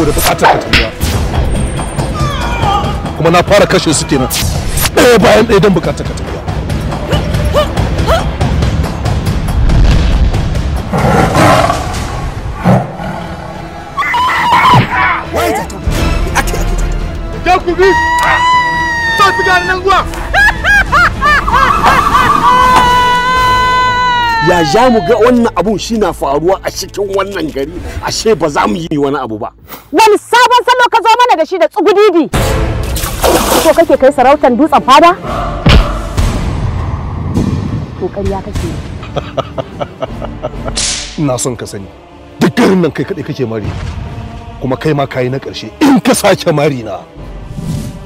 saboda bukatar ka kuma na fara kashe su kenan ɗaya bayan ɗaya don bukatar ka Ta fi gani nan ya za mu ga wannan abun shi na faruwa a cikin wannan gari ashe ba za mu yi wani abu ba wani sabon salo ka zo mana da shi da tsugudidi ko kake kai sarautar dutsen fada ko ya kake ina son ka sani duk garin nan kai kadai kake mari kuma kai ma kayi na karshe in ka sake mari na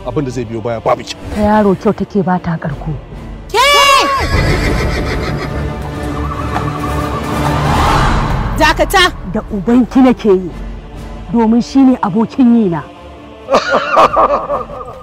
abin da zai biyo baya babu ki ta yaro kyau take ba ta karko ke dakata da ubanki nake yi domin shi ne abokin yina.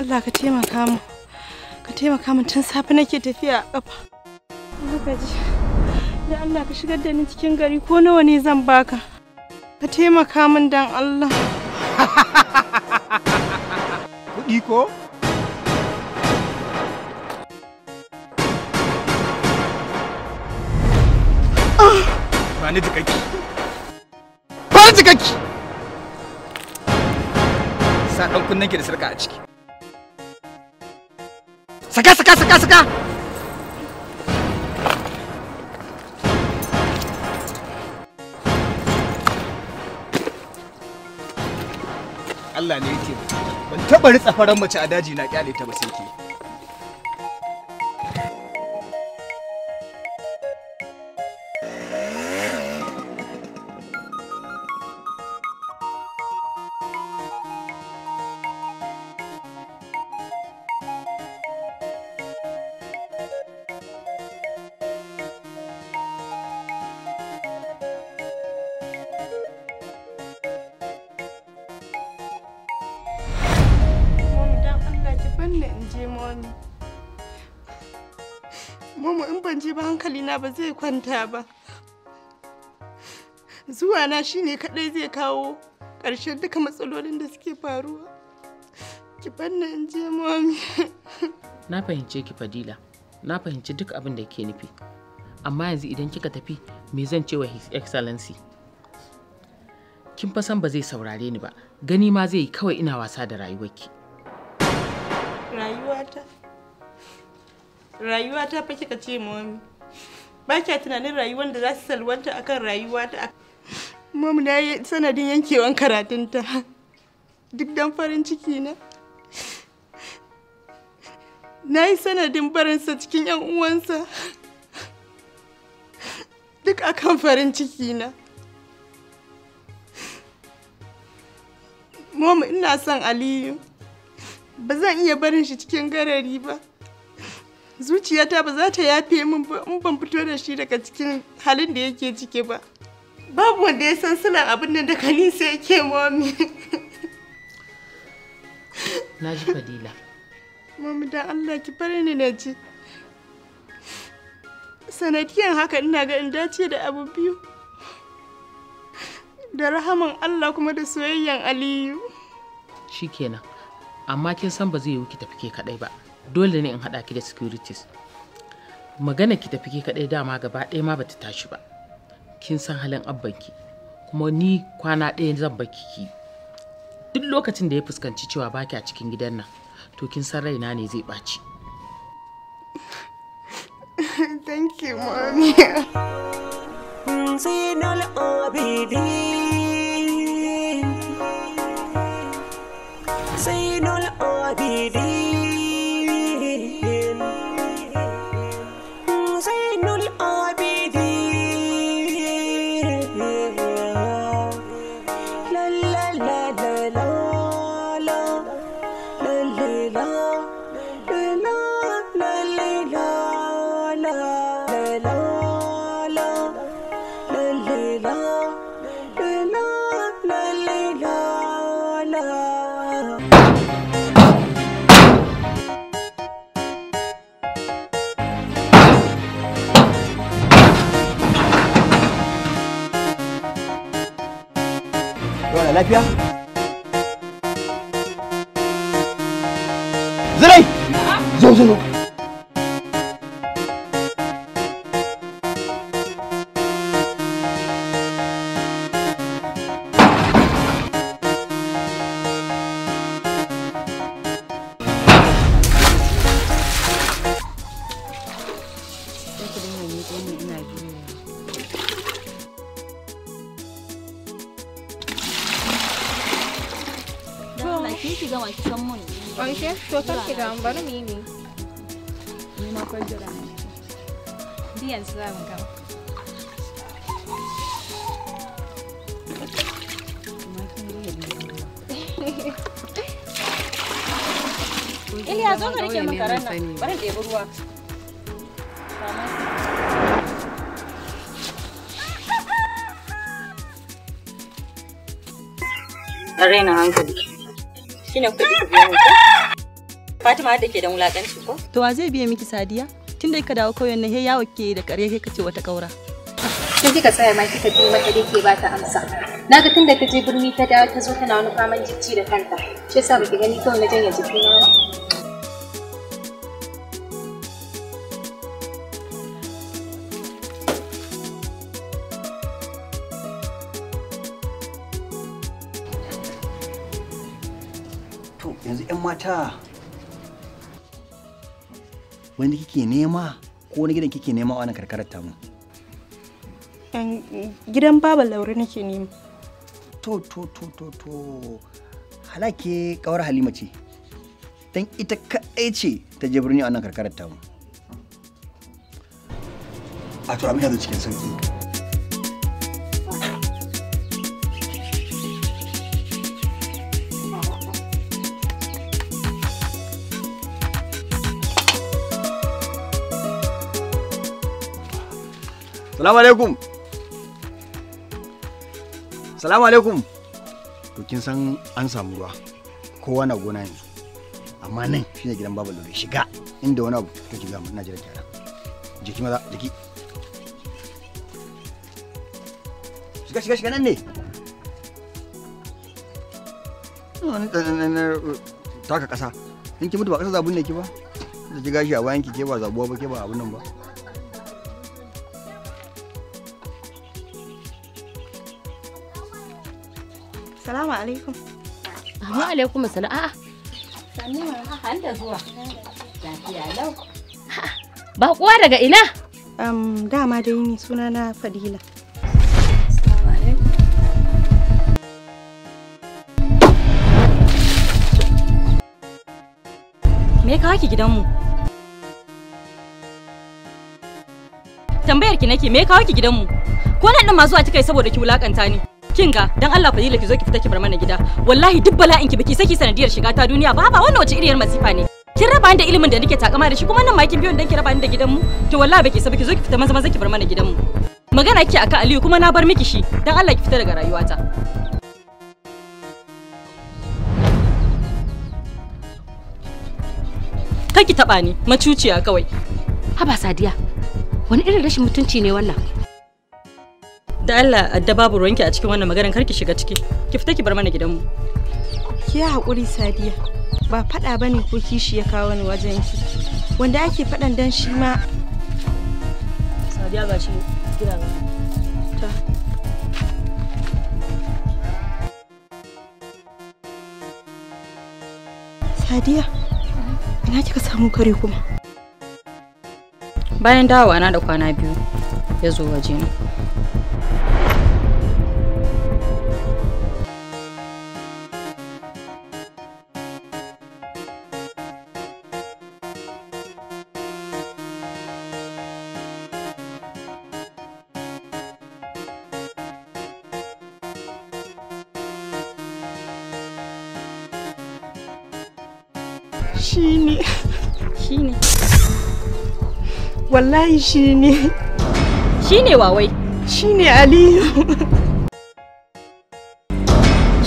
Allah ka taimaka mu ka taimaka mu tun safe nake tafiya a kafa lokaci da Allah ka shigar da ni cikin gari ko nawa ne zan baka ka taimaka min dan Allah kuɗi ko ah! ba ni jikakki ba ni jikakki sa ɗan kunnen ki da sarka a ciki saka saka saka Allah ne yake ban taɓa ritsa faran mace a daji na kyale ta ba sai ke ni in je wani mama in ban je ba hankali na ba zai kwanta ba zuwa na shine kadai zai kawo ƙarshen duka matsalolin da suke faruwa ki banna in je mami na fahimce ki fadila na fahimci duk abin da ke nufi amma yanzu idan kika tafi me zan ce wa his excellency kin fa san ba zai saurare ni ba gani ma zai kawai ina wasa da rayuwarki rayuwata rayuwata fa kika ce mami ba kya tunanin rayuwar da za su salwanta akan rayuwata mami na yi sanadin yankewan karatunta duk dan farin ciki na na yi sanadin barinsa cikin 'yan uwansa duk akan farin ciki na mami ina son aliyu ba zan iya barin shi cikin garari ba zuciyata ba za ta yafe min ba in ban fito da shi daga cikin halin da yake ciki ba babu wanda ya san suna abin da daga nisa yake mami na ji fadila mami da allah ki fara ni na ji sanadiyan haka ina ga in dace da abu biyu da rahaman allah kuma da soyayyan aliyu shikenan amma kin san ba zai yiwu ki tafi ke kadai ba dole ne in haɗa ki da securities magana ki tafi ke kadai dama gaba ɗaya ma bata tashi ba kin san halin ki kuma ni kwana ɗaya zan baki ki duk lokacin da ya fuskanci cewa baki a cikin gidan nan to kin san raina ne zai baci Thank you, mommy. Zainul Abidin lafiya zirai zo zo zo noi ci ammonisce. Ma mi si è asciutta anche gambano, Mimi. Mima col giornale. Dienza, dai un capo. Iliya zo ka rike min karen nan. Bari ɗebi ruwa. Raina hankali. shine kuɗi biyan Fatima da ke da wulakanci ko? To wa zai biya miki Sadiya? Tun da kika dawo kauyen na he yawo ke da ƙarya ke kace wata ƙaura. Tun kika tsaya ma kika ji mata dake ba ta amsa. Na ga tun da ta je birni ta dawo ta zo tana wani faman jijji da kanta. Shi yasa baki gani kawai na janye jikina ba. bukata wanda kike nema ko wani gidan kike nema a wannan karkarar tamu gidan baba laure nake nema to to to to to halake kawar halima ce don ita kaɗai ce ta je birni a wannan karkarar tamu a to abin yanzu cikin sauki Salamu alaikum. Salamu alaikum. To kin san an samu ruwa. Kowa na gona yanzu. Amma nan shine gidan babu lori shiga inda wani abu kake ga mun jira kyara. Jiki maza jiki. Shiga shiga shiga nan ne. Taka kasa. In ki mutu ba kasa zabun ne ki ba. Da ki gashi a bayan ki ke ba zabuwa ba ke ba abun nan ba. Assalamu alaikum. Wa alaikum assalam. A'a. Sannu ma han da zuwa. Lafiya lau. Ba kuwa daga ina? Um, dama dai ni suna na Fadila. Me ka ki gidanmu? Tambayar ki nake me ka ki gidanmu? Ko nan din ma zuwa kika saboda ki wulakanta ni? kinga dan Allah fadila ki zo ki fita ki bar mana gida wallahi duk bala'in ki biki saki sanadiyar shiga ta duniya ba ba wannan wace iriyar masifa ne kin raba ni da ilimin da nake takama da shi kuma nan ma kin biyo dan ki raba ni da gidanmu to wallahi baki saba ki zo ki fita maza maza ki bar mana gidanmu magana kike aka Aliyu kuma na bar miki shi dan Allah ki fita daga rayuwata ki taba ni macuciya kawai haba sadiya wani irin rashin mutunci ne wannan da Allah adda babu ruwanki a cikin wannan maganar karki shiga ciki ki fita ki bar mana gidanmu ki haƙuri sadiya ba faɗa bane ko kishi ya kawo ni wajen ki wanda ake faɗan dan shi ma sadiya gashi gida ba ta sadiya ina kika samu kare kuma bayan dawowa na da kwana biyu ya zo waje wallahi shi ne shi ne wawai shi ne aliyu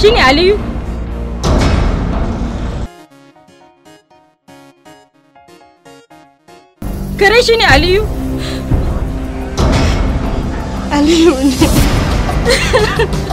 shi ne aliyu kare shi ne aliyu aliyu ne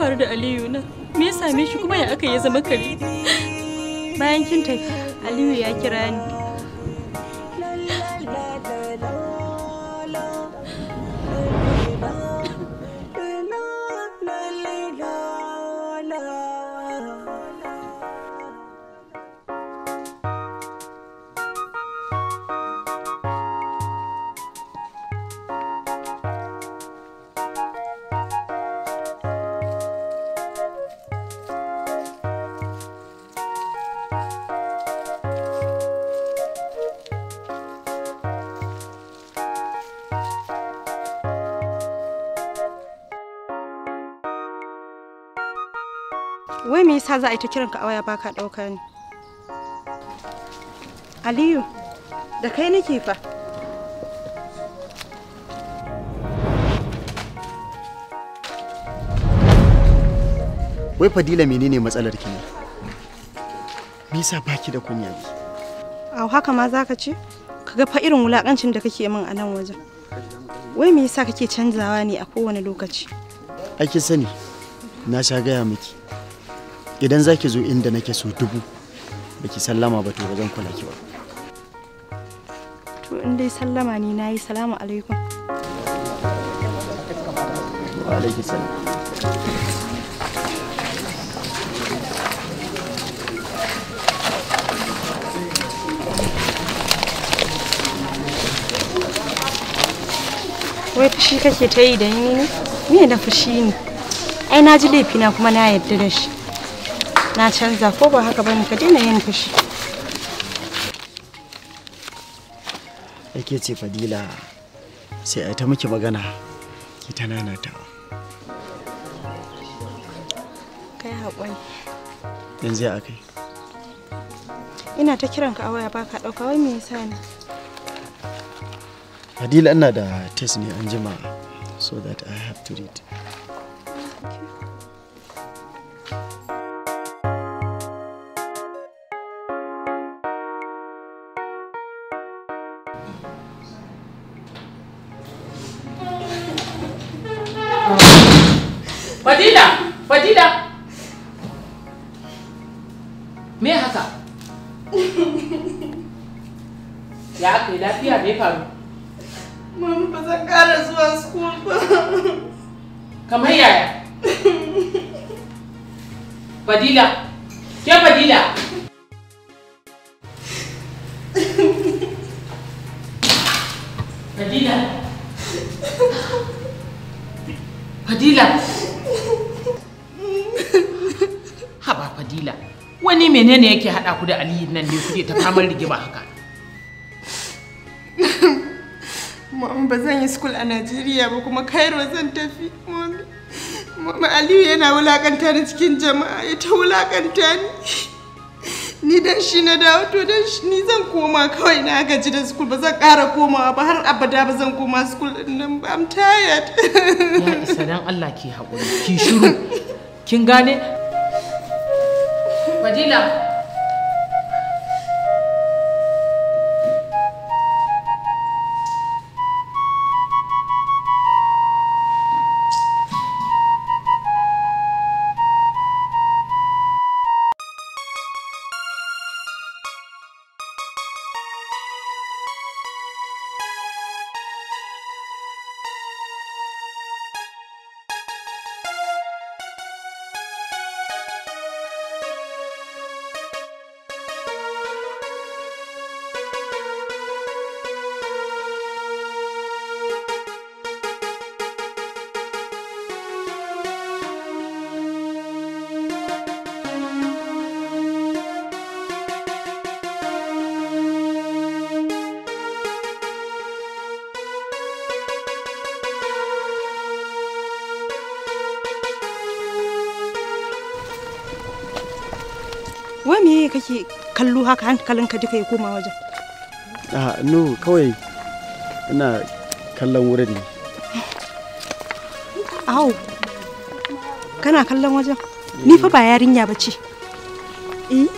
faru da Aliyu na? Me ya same shi kuma ya aka ya zama kare? Bayan kin tafi, Aliyu ya kira ni. za a yi ta kiran a waya baka ɗauka ni aliyu da kai nake fa wai fadila menene matsalar ki ne me sa baki da kunya ne a haka ma zaka ce kaga fa irin wulakancin da kake min a nan wajen wai me yasa kake canzawa ne a kowane lokaci ake sani na sha gaya miki idan za ki zo inda nake so dubu ba ki sallama ba to zan kula ki ba to in dai sallama ne na yi salamu alaikum wa alaikum salam wai fushi kake ta yi da ni ne me na fushi ne ai na ji laifina kuma na yarda da shi na canza ko ba haka bane ka daina yin fushi ake ce fadila sai a ta miki magana ki ta nanata kai yanzu akai ina ta kiran ka a waya baka ɗauka wai me yasa ne fadila ina da test ne an jima so that i have to read haɗa ku da aliyu nan ne kuke ta faman rigima haka mom ba zan yi school a najeriya ba kuma cairo zan tafi mom aliyu yana wulakanta ni cikin jama'a ya ta wulakanta ni ni dan shi na dawo to dan shi ni zan koma kawai na gaji da school ba zan ƙara komawa ba har abada ba zan koma school din nan ba am tired ya isa dan Allah ki haƙuri ki shiru kin gane Fadila shiru haka hankalinka duka ya koma wajen Ah, no kawai ina kallon wurin ne au kana kallon wajen ni fa ba yarinya ba ce eh,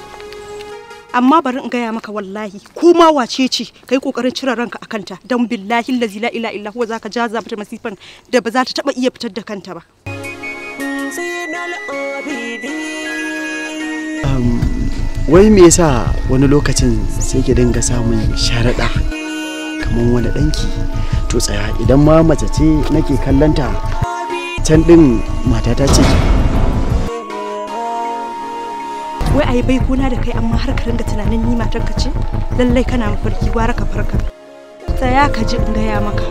amma bari in gaya maka wallahi ko ma wace ce kai kokarin cire ranka a kanta don billahi la ila illa huwa ka jaza mata masifan da ba za ta taba iya fitar da kanta ba wai me yasa wani lokacin sai ki dinga samun sharaɗa kamar wani ɗanki to tsaya idan ma mace ce nake kallanta can ɗin matata ce wai a yi bai kuna da kai amma har ka ringa tunanin ni matar ka ce lallai kana mafarki gwara ka farka tsaya ka ji in gaya maka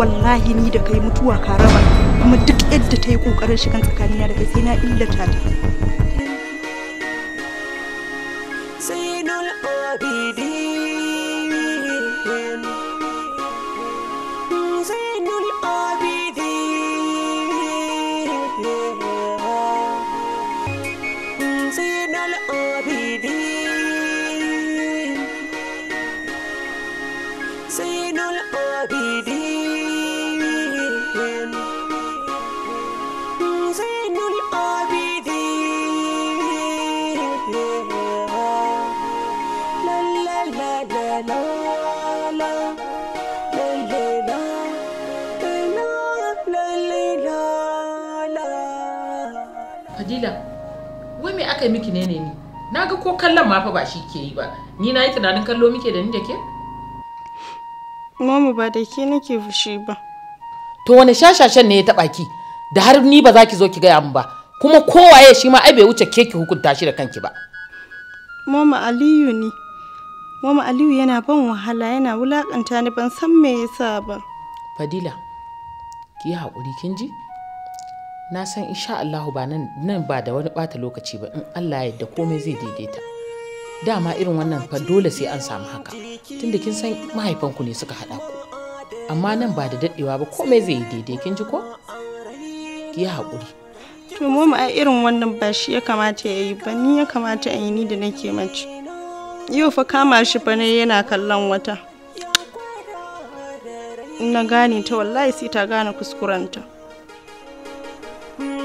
wallahi ni da kai mutuwa ka raba kuma duk yadda ta yi ƙoƙarin shigan tsakanina da kai sai na illata ta aka yi miki ne ni na ko kallon ma fa ba shi ke yi ba ni na yi tunanin kallo muke da ni da ke mama ba da ke nake fushi ba to wani shashashen ne ya taba ki da har ni ba za ki zo ki gaya mu ba kuma kowaye shi ma ai bai wuce ke ki hukunta shi da kanki ba mama aliyu ne mama aliyu yana ban wahala yana wulakanta ni ban san me yasa ba fadila ki haƙuri kin ji na san insha Allahu ba nan ba da wani bata lokaci ba in Allah ya da komai zai daidaita dama irin wannan fa dole sai an samu haka tunda kin san mahaifanku ne suka haɗa ku amma nan ba da daɗewa ba komai zai yi daidai kin ji ko ki haƙuri to mu a irin wannan ba shi ya kamata ya yi ba ni ya kamata in yi ni da nake mace yau fa kama shi fa ne yana kallon wata na gane ta wallahi sai ta gane kuskurenta.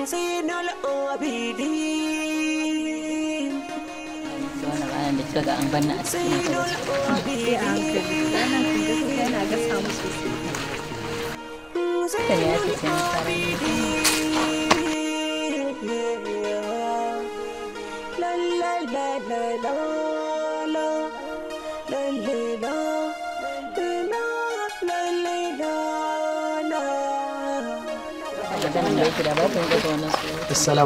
زين العابدين da kika ga an banna a cikin gasa ya la la la la wanda yake da ba ku yi daga wannan sunan idan ba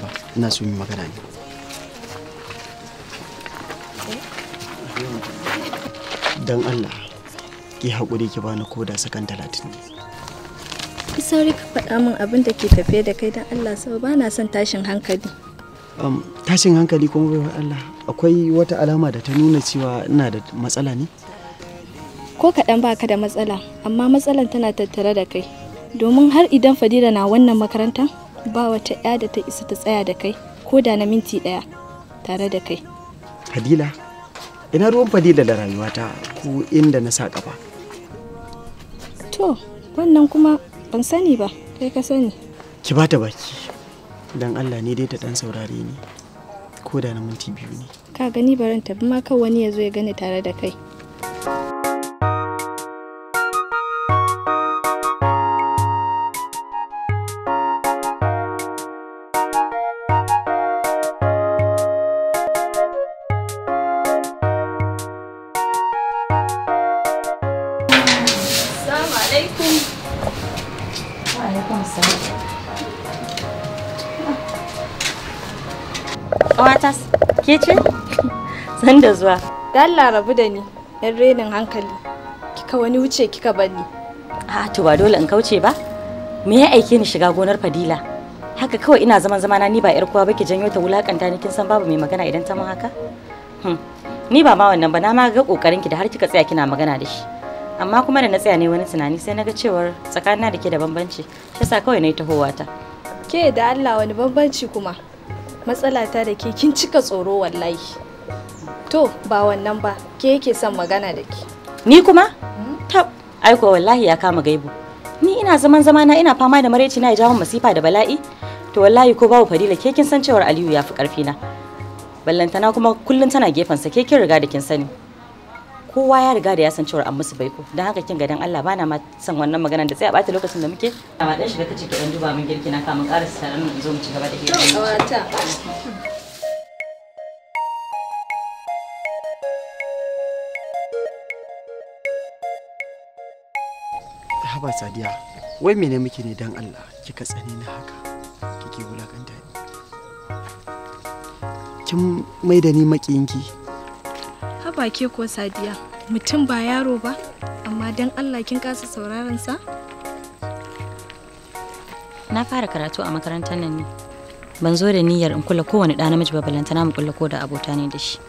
ba ina so yi magana ne Allah ki hakuri ki bani ko da sakan talatin ne ki sauri ka faɗa min abin da ke tafe da kai don allah sau ba na son tashin hankali tashin hankali kuma bai allah akwai wata alama da ta nuna cewa ina da matsala ne ko kaɗan baka da matsala amma matsalan tana tattare da kai domin har idan fadila na wannan makarantar ba wata ya da ta isa ta tsaya da kai ko da na minti ɗaya tare da kai fadila ina ruwan fadila da rayuwata ko inda na sa ƙafa To, wannan kuma ban sani ba, kai ka sani. Ki bata ta baki, don Allah ne dai ta dan saurare ni, ko da na minti biyu ne. Ka gani barin tabi ma kan wani ya zo ya gani tare da kai. da zuwa. Dalla rabu da ni, yan renin hankali. Kika wani wuce kika bani. A'a to ba dole in kauce ba? Me ya aike ni shiga gonar Fadila? Haka kawai ina zaman zamana ni ba 'yar kowa ba ki janyo ta wulakanta ni kin san babu mai magana idan ta mun haka? Hmm. Ni ba ma wannan ba na ma ga kokarin ki da har kika tsaya kina magana da shi. Amma kuma da na tsaya ne wani tunani sai na ga cewar tsakanina da ke da bambanci. Shi yasa kawai na yi tahowa ta. Ke da Allah wani bambanci kuma. Matsala ta da ke kin cika tsoro wallahi. To ba wannan ba, ke yake son magana da ke. Ni kuma? Hmm? Tab, aiko wallahi ya kama gaibu. Ni ina zaman zamana ina fama da maraici na ya masifa da bala'i. To wallahi ko babu Fadila ke kin san cewar Aliyu ya fi karfi na. Ballantana kuma kullun tana gefen sa ke kin riga da kin sani. Kowa ya riga da ya san cewar an musu baiko. Dan haka kin ga dan Allah bana ma san wannan maganar da sai a bata lokacin da muke. Amma dan shiga kace ki dan duba min girki na kamun karasa taron zo mu ci gaba da hira. haba sadiya wai mene muke ne dan allah kika tsani na haka kike wulakanta ni kin mai da ni makiyinki haba ke ko sadiya mutum ba yaro ba amma dan allah kin kasa sauraron sa na fara karatu a makarantar nan ne ban zo da niyyar in kula kowane ɗa namiji ba ballantana mu kula ko da abota ne da shi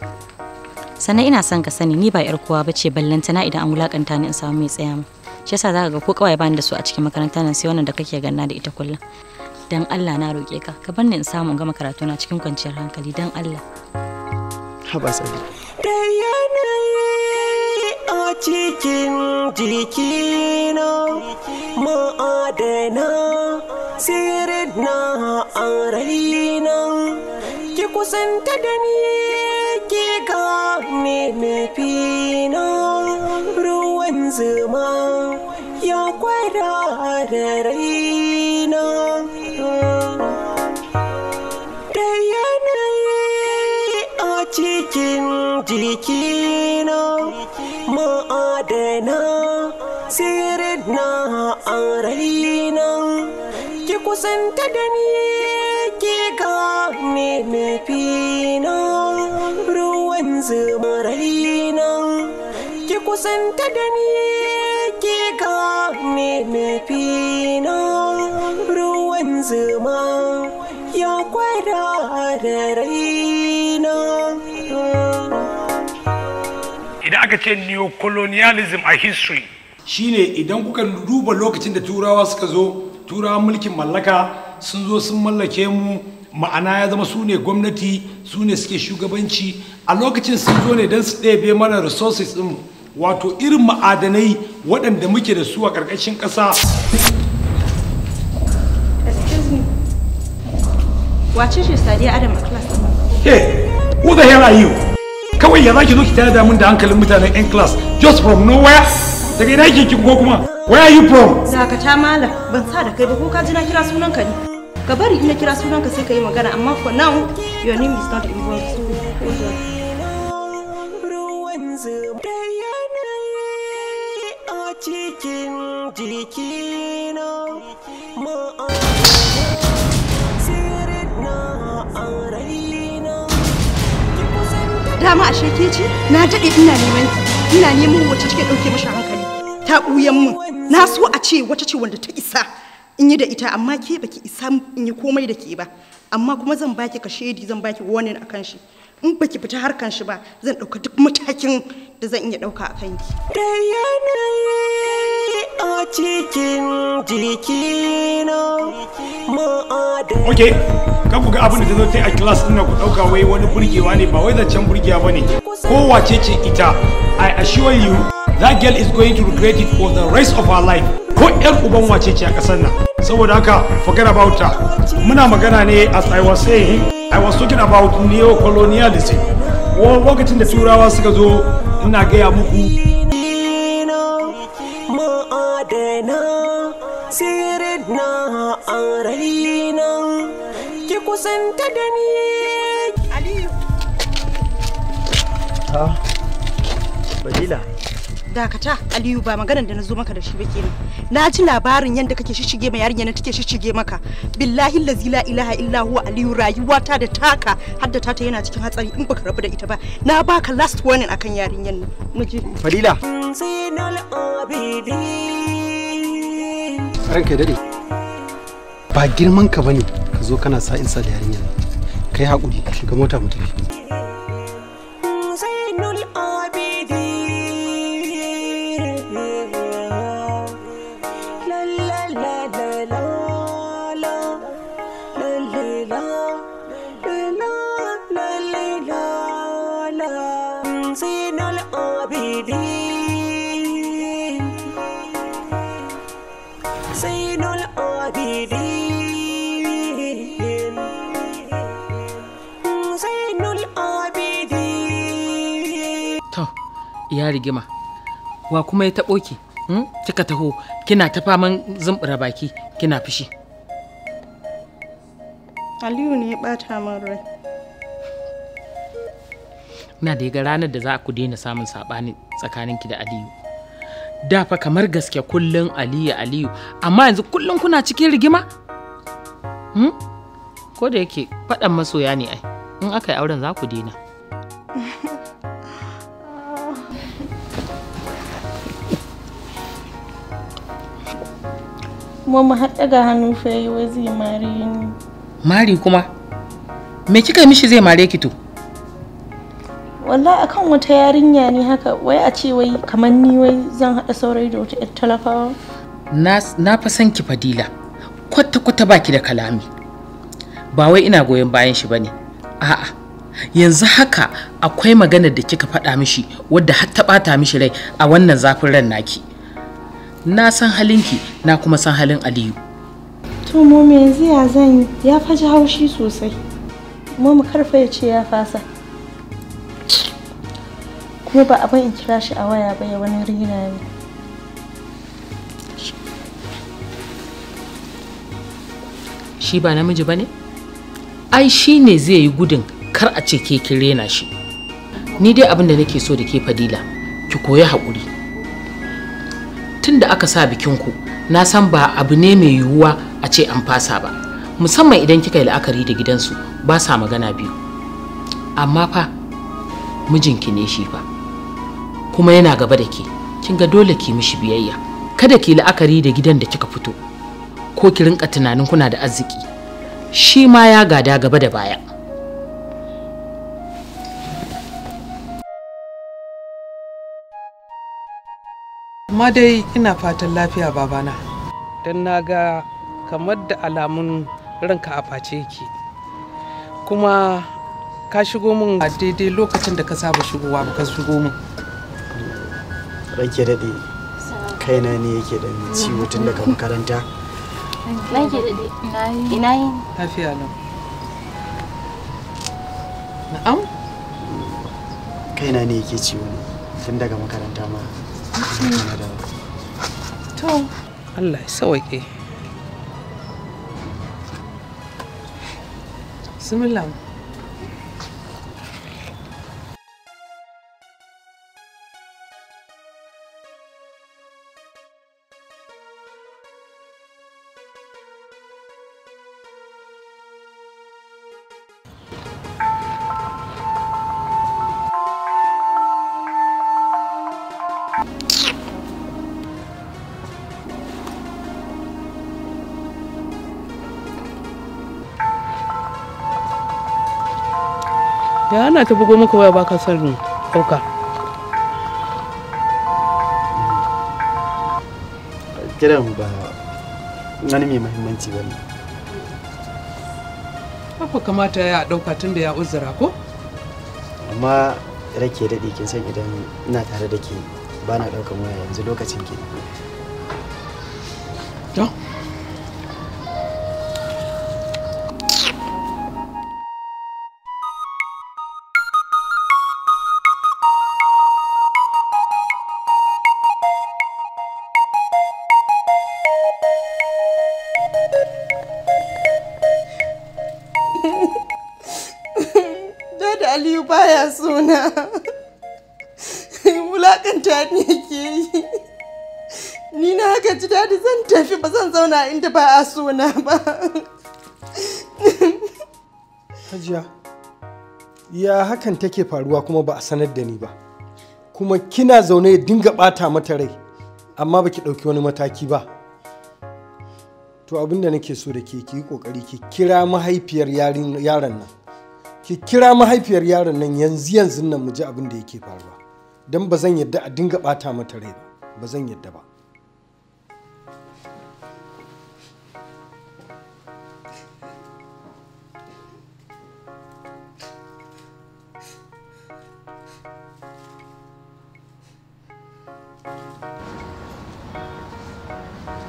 sannan ina son ka sani ni ba yar kowa ce ballantana idan an wulakanta ni in samu mai tsaya mu shi yasa zaka ga ko kawai bani da su a cikin makaranta nan sai wannan da kake ganna da ita kullum dan Allah na roke ka ka bar ni in samu gama karatu na cikin kwanciyar hankali dan Allah haba da yanayi a cikin jikina ma'adana sirrin na a raina ki kusanta da ni ki zuma ya kwada da raina da yanayi a cikin jikina ma'adana sirrin na a raina ki kusanta da ni ki ga mimifina ruwan zuma raina kusanta da ni ke gane na, ruwan zuma ya kwara da raina idan aka ce neocolonialism a history shine idan kuka duba lokacin da turawa suka zo turawa mulkin mallaka sun zo sun mallake mu ma'ana ya zama su ne gwamnati su ne suke shugabanci a lokacin sun zo ne don su ɗebe mana resources ɗin. wato irin ma'adanai waɗanda muke da su a ƙarƙashin ƙasa wace ce sadiya adam a class hey who the hell are you kawai ya ki zo ki tada mun da hankalin mutanen yan class just from nowhere daga ina yake ko kuma where are you from dakata mala, ban sa da kai ba ko ka ji na kira sunan ka ne ka bari ina kira sunanka sai ka yi magana amma for now your name is not involved cikin a ashe ke ce na daɗe ina neman ina neman wacce take ɗauke masa hankali ta ɓuyan mu na so a ce wata ce wanda ta isa in yi da ita amma ke baki isa in yi komai da ke ba amma kuma zan baki kashedi zan baki warning akan shi in baki fita harkan shi ba zan ɗauka duk matakin da zan iya ɗauka a kanki. Da yanayi a cikin jikina ma'adai. Ok, kan ku ga abin da ta zo ta yi a kilas ɗin ku ɗauka wai wani burgewa ne ba wai zancen burgewa ba ne. Kowace ce ita, I assure you, that girl is going to regret it for the rest of her life. Ko 'yar uban wace ce a ƙasar nan. saboda haka forget about her muna magana ne as i was saying i was talking about neo colonial policy lokacin da turawa suka zo ina gaya muku ki ha badila dakata aliyu ba maganar da na zo maka da shi ba kenan na ji labarin yadda kake shishige ma yarinya na take shishige maka billahi lazi la ilaha illa huwa aliyu rayuwata da taka hadda ta yana cikin hatsari in baka rabu da ita ba na baka last warning akan yarinyan nan muje fadila ranka dade ba girman ka bane ka zo kana sa insa da yarinyan kai hakuri ka shiga mota mu tafi ya rigima wa kuma ya taɓo ki hmm? kika taho kina ta faman zumbura baki kina fushi aliyu ne ya ɓata min rai na da ga ranar da za ku daina samun saɓani ki da aliyu da fa kamar gaske kullum aliyu aliyu amma yanzu kullum kuna cikin rigima hmm? ko da yake faɗan masoya ne ai in aka yi auren za ku daina kuma mu har ga hannu fa wai zai mare ni mari kuma me kika mishi zai mare ki to wallahi akan wata yarinya ne haka wai a ce wai kamar ni wai zan haɗa saurayi da wata 'yar talakawa na fa san ki fadila kwata kwata baki da kalami ba wai ina goyon bayan shi bane a'a yanzu haka akwai maganar da kika faɗa mishi wadda har ta ɓata mishi rai a wannan zafin ran naki na san halinki na kuma san halin aliyu to mu me yanzu ya zan ya faji haushi sosai kuma mu karfa ya ce ya fasa kuma ba abin in kira shi a waya ba ya wani rina ne shi ba namiji ba ne ai shi ne zai yi gudun kar a ce ke kirena shi ni dai abin da nake so da ke fadila ki koyi haƙuri tun da aka sa bikin ku na san ba abu ne mai yiwuwa a ce an fasa ba musamman idan kika yi la'akari da gidansu ba sa magana biyu amma fa mijinki ne shi fa kuma yana gaba da ke kin ga dole ki mishi biyayya kada ki la'akari da gidan da kika fito ko ki rinka tunanin kuna da arziki shi ma ya gada gaba da baya amma dai ina fatan lafiya babana don na ga kamar da alamun ranka a face yake kuma ka shigo min a daidai lokacin da ka saba shigowa ba ka shigo min ranke daɗe kaina ne yake da ciwo tun daga makaranta ranke daɗe ina yi lafiya nan na'am kaina ne yake ciwo tun daga makaranta ma to Allah ya sauke bismillah ta bugo maka waya baka son ɗauka kiran ba wani mai mahimmanci ba ne haka kamata ya dauka tun da ya uzura ko amma rake daɗe kin san idan ina tare da ke ba na ɗaukan waya yanzu lokacin ke zauna inda ba a na ba hajiya ya hakan take faruwa kuma ba a sanar da ni ba kuma kina zaune ya dinga bata mata rai amma ba ki ɗauki wani mataki ba to abin da nake so da ke ki yi ƙoƙari ki kira mahaifiyar yaron nan ki kira mahaifiyar yaron nan yanzu yanzu nan mu ji abin da yake faruwa don ba zan yadda a dinga bata mata rai ba ba zan yadda ba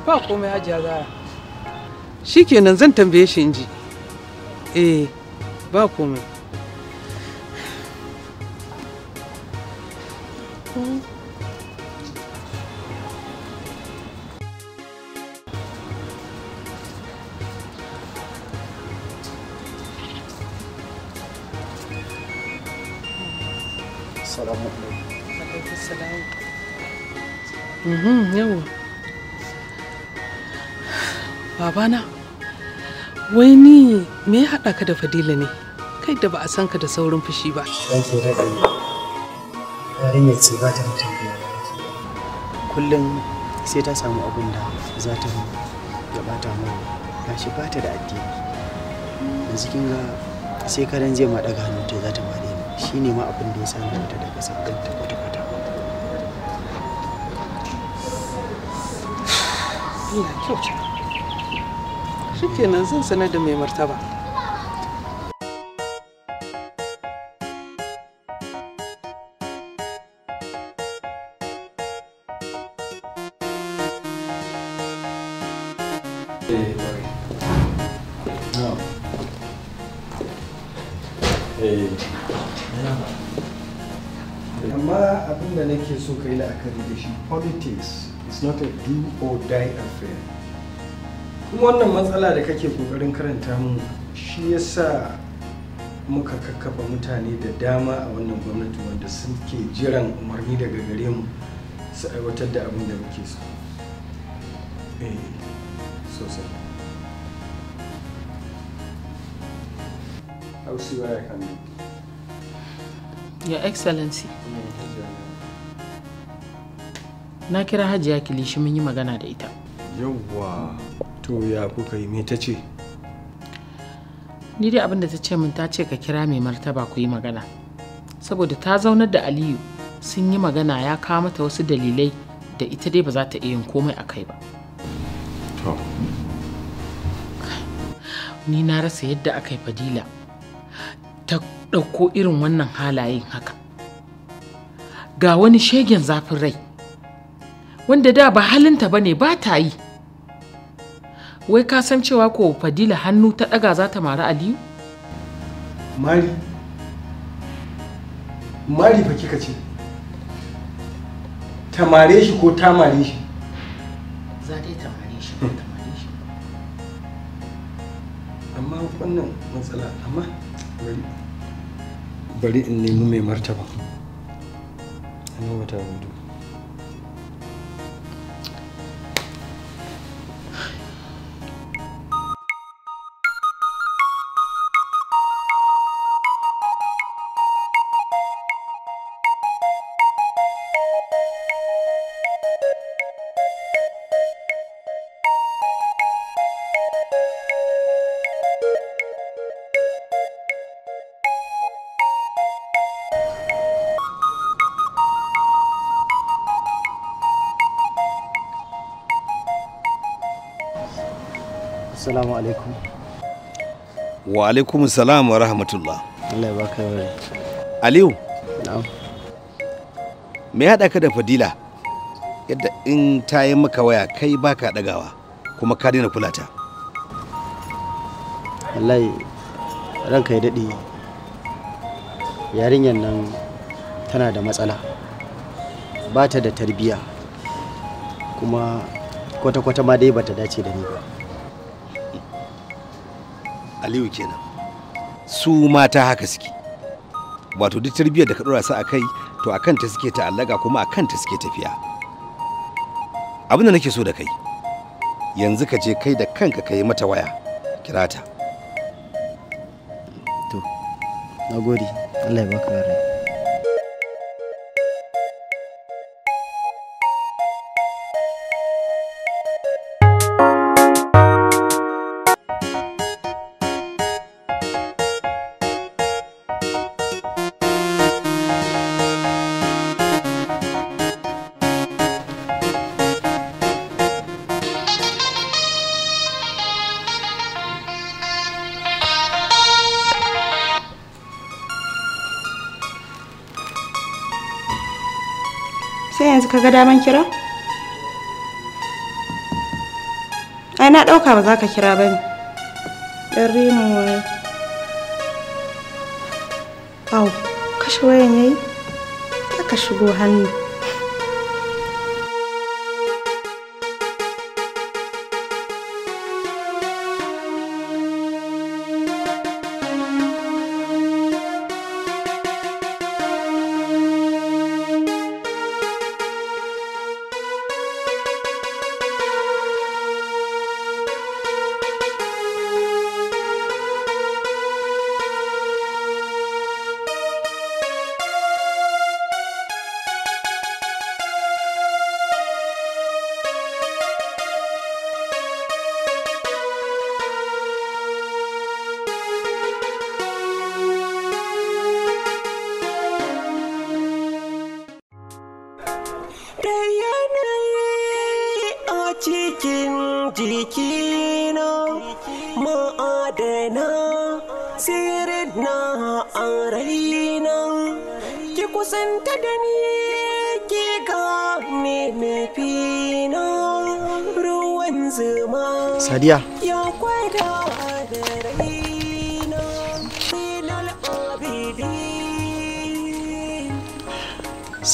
ba komai hajiya zara kenan zan tambaye shi inji eh ba komai me ya haɗa ka da fadila ne kai da ba a san ka da saurin fushi ba ba ta kullum sai ta samu abin da za ta ga bata mai gashi ba ta da addini yanzu kin ga sai karen zai ma ɗaga hannunta za ta daina shi shine ma abin da ya samu mata daga ta kwata-kwata Allah kyauta shikenan zan sanar da mai martaba amma abin da nake so ka yi la'akari da shi politics is not a do or die affair kuma wannan matsala da kake kokarin karanta mu shi yasa muka kakkafa mutane da dama a wannan gwamnati wanda suke jiran umarni daga gare mu su aiwatar da abin da muke so eh sosai see I can Excellency. Na kira Hajiya Kilishi mun yi magana da ita. Yawwa. to ya kuka yi me ta ce ni dai abin da ta ce min ta ce ka kira mai martaba ku yi magana saboda ta zaunar da aliyu sun yi magana ya kawo mata wasu dalilai da ita dai ba za ta iya yin komai a kai ba ni na rasa yadda aka yi fadila ta ɗauko irin wannan halayen haka ga wani shegen zafin rai wanda da ba halinta ba ne ba ta yi wai ka san cewa ko fadila hannu ta daga za ta mari aliyu mari mari fa kika ce ta mare shi ko ta mare shi za ta yi ta mare shi ko hmm. ta mare shi amma wannan matsala amma bari in nemi mai martaba amma wata hudu wa alaikum salam wa rahmatullah Allah ya baka wuri Aliyu na'am me hada ka da Fadila yadda in ta yi maka waya kai baka ɗagawa kuma ka daina kula ta wallahi ranka ya daɗe yarinyar nan tana da matsala ba ta da tarbiyya kuma kwata-kwata ma dai bata dace da ni ba aliyu kenan su mata haka suke wato duk tarbiyyar da ka dora su a kai to a kanta suke ta'allaka kuma a kanta suke tafiya abin da nake so da kai yanzu ka je kai da kanka ka yi mata waya kirata to na gode allah ya baka rai daman kira? Ai na ɗauka ba za ka kira ba ne. Ɗan rino wani. Au, kashe wayan yayi? ka shigo hannu.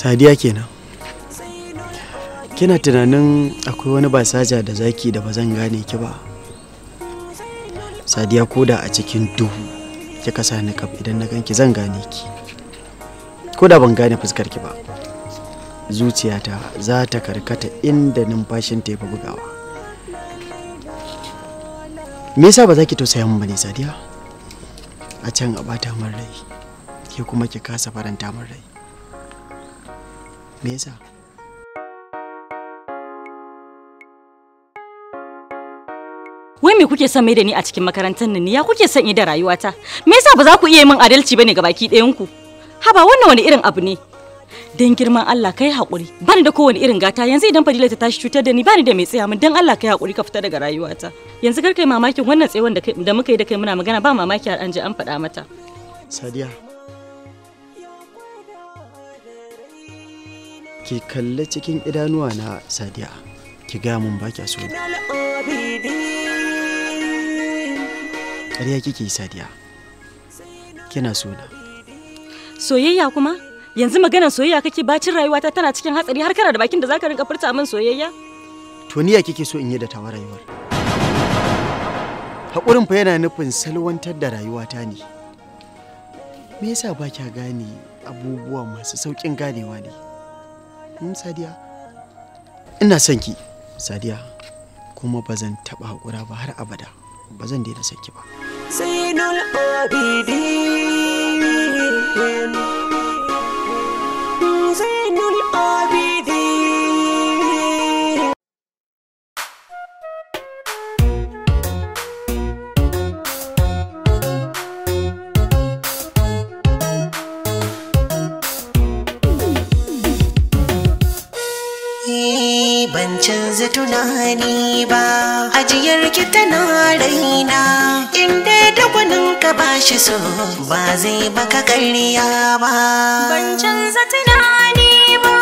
Sadiya kenan. Kina tunanin akwai wani basaja da zaki da ba zan gane ki ba. Sadiya ko da a cikin duhu kika kasa ni kaf idan na ganki zan gane ki. ko da ban gane fuskar ki ba. Zuciyata za ta karkata inda numfashin ta ya bugawa. Me yasa ba za ki tausaya min ba Sadiya? A can a bata min rai. Ke kuma ki kasa faranta min rai. me yasa wai me kuke son mai da ni a cikin makarantar nan ya kuke son yi da rayuwata me yasa ba za ku iya min adalci bane ga baki ɗayan ku ba wannan wani irin abu ne dan girman Allah kai hakuri bani da kowane irin gata yanzu idan Fadila ta tashi cutar da ni bani da mai tsaya min dan Allah kai hakuri ka fita daga rayuwata yanzu kar kai mamakin wannan tsayon da da muka yi da kai muna magana ba mamaki har an je an faɗa mata Sadiya ki kalli cikin idanuwa na sadiya ki gaya mun ba kya so ƙarya kike sadiya kina so na soyayya kuma yanzu maganar soyayya kake bacin rayuwata tana cikin hatsari har kana da bakin da zaka rinka furta min soyayya to ni ya kike so in yi da tawa rayuwar Hakurin fa yana nufin salwantar da rayuwata ne me yasa ba kya gane abubuwa masu saukin ganewa ne Mm, sadiya ina son ki sadiya kuma ba zan taɓa haƙura ba har abada ba zan daina son ki ba. Zainul Abidin canza tunani ba ajiyar ki tana raina in dai da gwanin ka bashi so ba zai baka karya ba ban canza tunani ba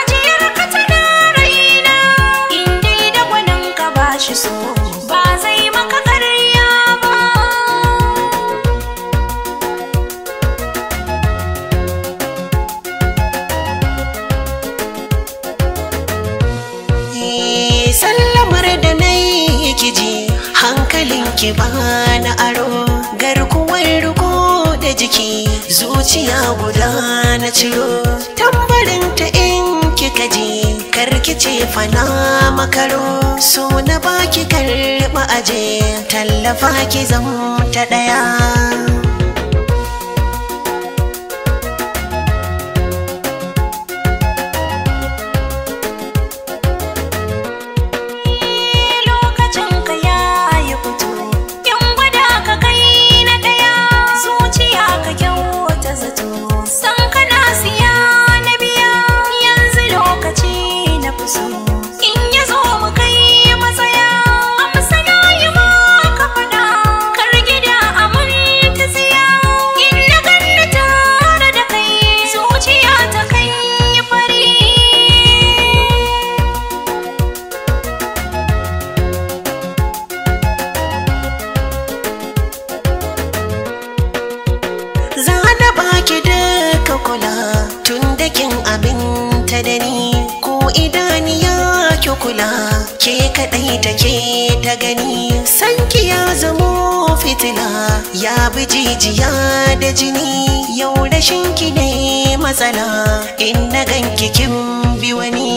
ajiyar ka tana raina in dai da gwanin ka so ki bana aro garkuwar riko da jiki zuciya guda na ciro tambarin ta in kika ji karkice fana makaro so na baki karba aje tallafa ki zama ta daya da ni ko idaniya ki kula ke kadai take ta gani sanki ya zamo fitila ya bi jijiya da jini yau rashin ki ne matsala in na ganki kin bi wani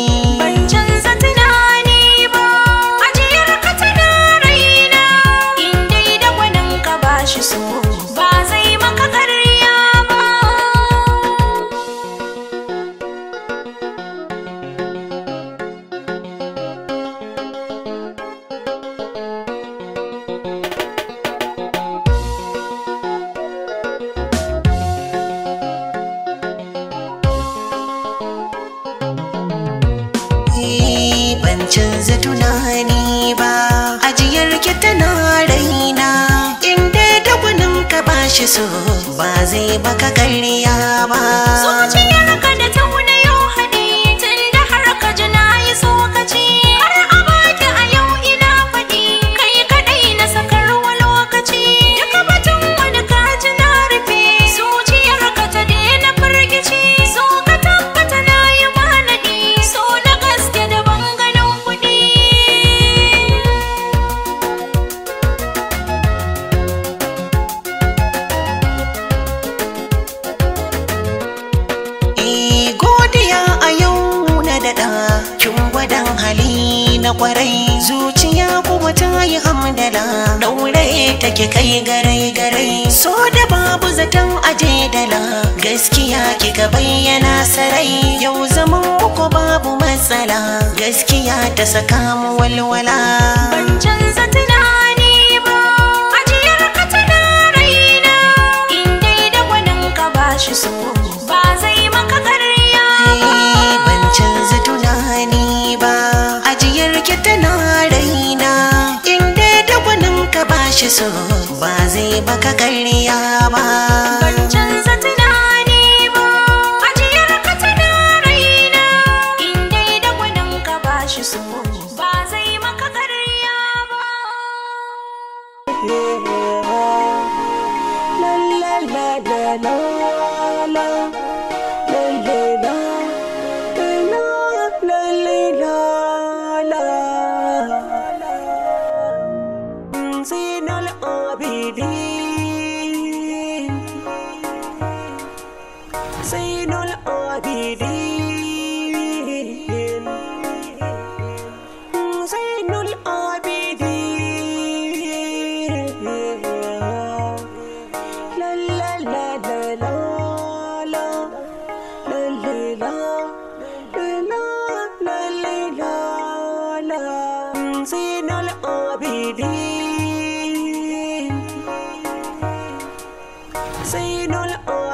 ban canza ba ajiyar ka da ka bashi so ta saka mu walwala ban canza tunani ba ajiyar ka tana raina in dai da gwanin ka bashi so ba zai maka ƙarya ba eh, ban canza tunani ba ajiyar ki tana raina in dai da gwanin ka bashi so ba zai maka ƙarya ba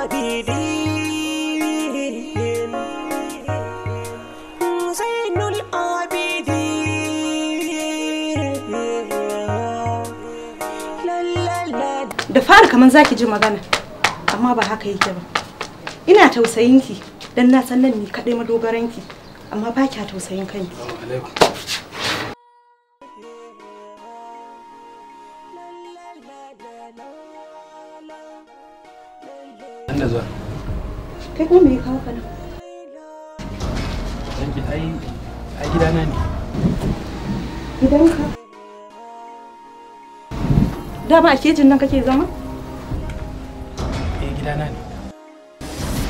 da fara kaman zaki ji magana amma ba haka yake ba ina tausayin ki dan na san nan ni kaɗai madogaranki amma ba kya tausayin kanki ko me kawo ka nan dan ki ai a gida na ne gidanka dama a kejin nan kake zama eh gida na ne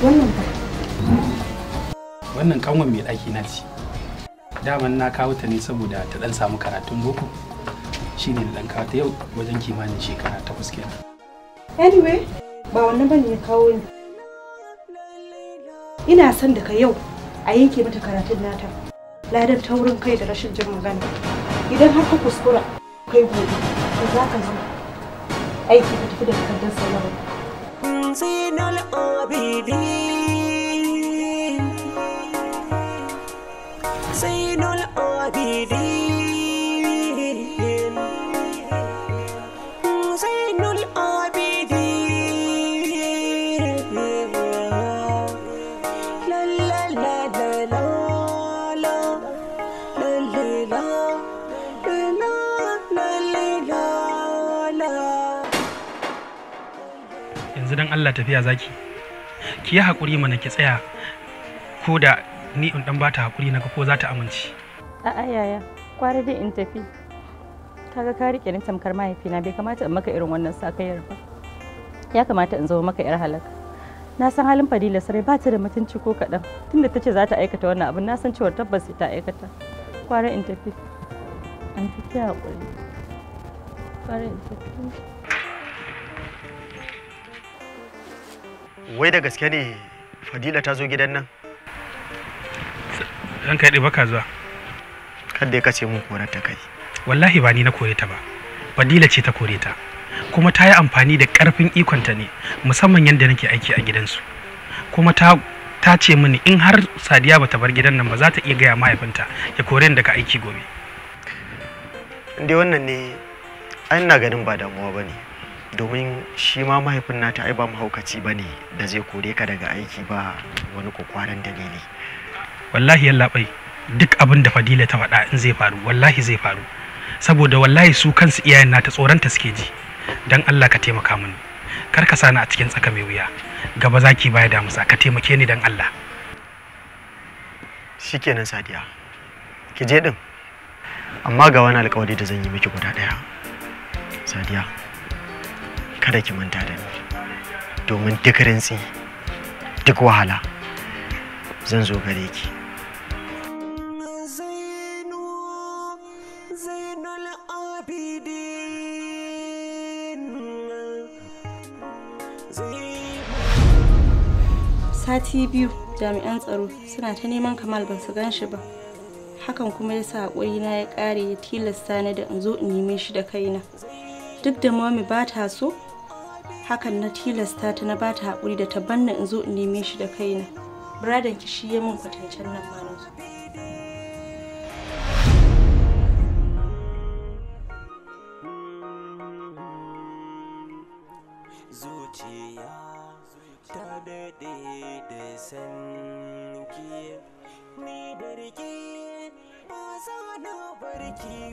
wannan ba wannan kanwan mai ɗaki na ce daman na kawo ta ne saboda ta dan samu karatun boko shine da dan ta yau wajen kimanin shekara ta kenan anyway ba wannan bane ya kawo ne. ina son daga yau a yanke mata karatun nata ladan taurin kai da rashin jin magana idan har ka kuskura kai gobe ba za ka zama aiki ka tafi da takardar sallama Zainal Abidin Allah tafiya zaki ki yi haƙuri mana ki tsaya ko da ni in dan bata haƙuri naga ko za ta amince a'a yaya kwara dai in tafi kaga ka rike ni tamkar mahaifina bai kamata in maka irin wannan sakayar ba ya kamata in zama maka yar halaka na san halin fadila sarai ba ta da mutunci ko kaɗan tunda ta ce za ta aikata wannan abin na san cewa tabbas ta aikata kwara in tafi an tafi haƙuri kwara in tafi wai da gaske ne fadila ta zo gidan nan ran kai ba ka zuwa kada ya kace mun kore ta kai wallahi ba ni na kore ta ba fadila ce ta kore ta kuma ta yi amfani da karfin ikonta ne musamman yadda nake aiki a gidansu kuma ta ta ce mini in har sadiya ba ta bar gidan nan ba za ta iya gaya mahaifinta ya kore ni daga aiki gobe dai wannan ne an ina ganin ba damuwa ba ne domin shi ma mahaifin nata ai ba mahaukaci ba ne da zai kore ka daga aiki ba wani kwakwaran dalili wallahi yallaɓai duk abin da fadila ta faɗa in zai faru wallahi zai faru saboda wallahi su kansu iyayen nata tsoronta suke ji dan Allah ka taimaka mini kar ka sani a cikin tsaka mai wuya gaba zaki baya da musa ka taimake ni dan Allah shikenan sadiya ki je din amma ga wani alƙawari da zan yi miki guda ɗaya sadiya kada ki manta da ni domin duk rintsi duk wahala zan zo gare ki sati biyu jami'an tsaro suna ta neman kamal ban su gan shi ba hakan kuma ya sa na ya ƙare ya tilasta ni da in zo in neme shi da kaina duk da mami ba ta so hakan na tilasta ta na bata haƙuri da ta banna in zo in neme shi da kaina bradan ki shi ya min kwatancen nan ma na zo zuciya ta daɗe da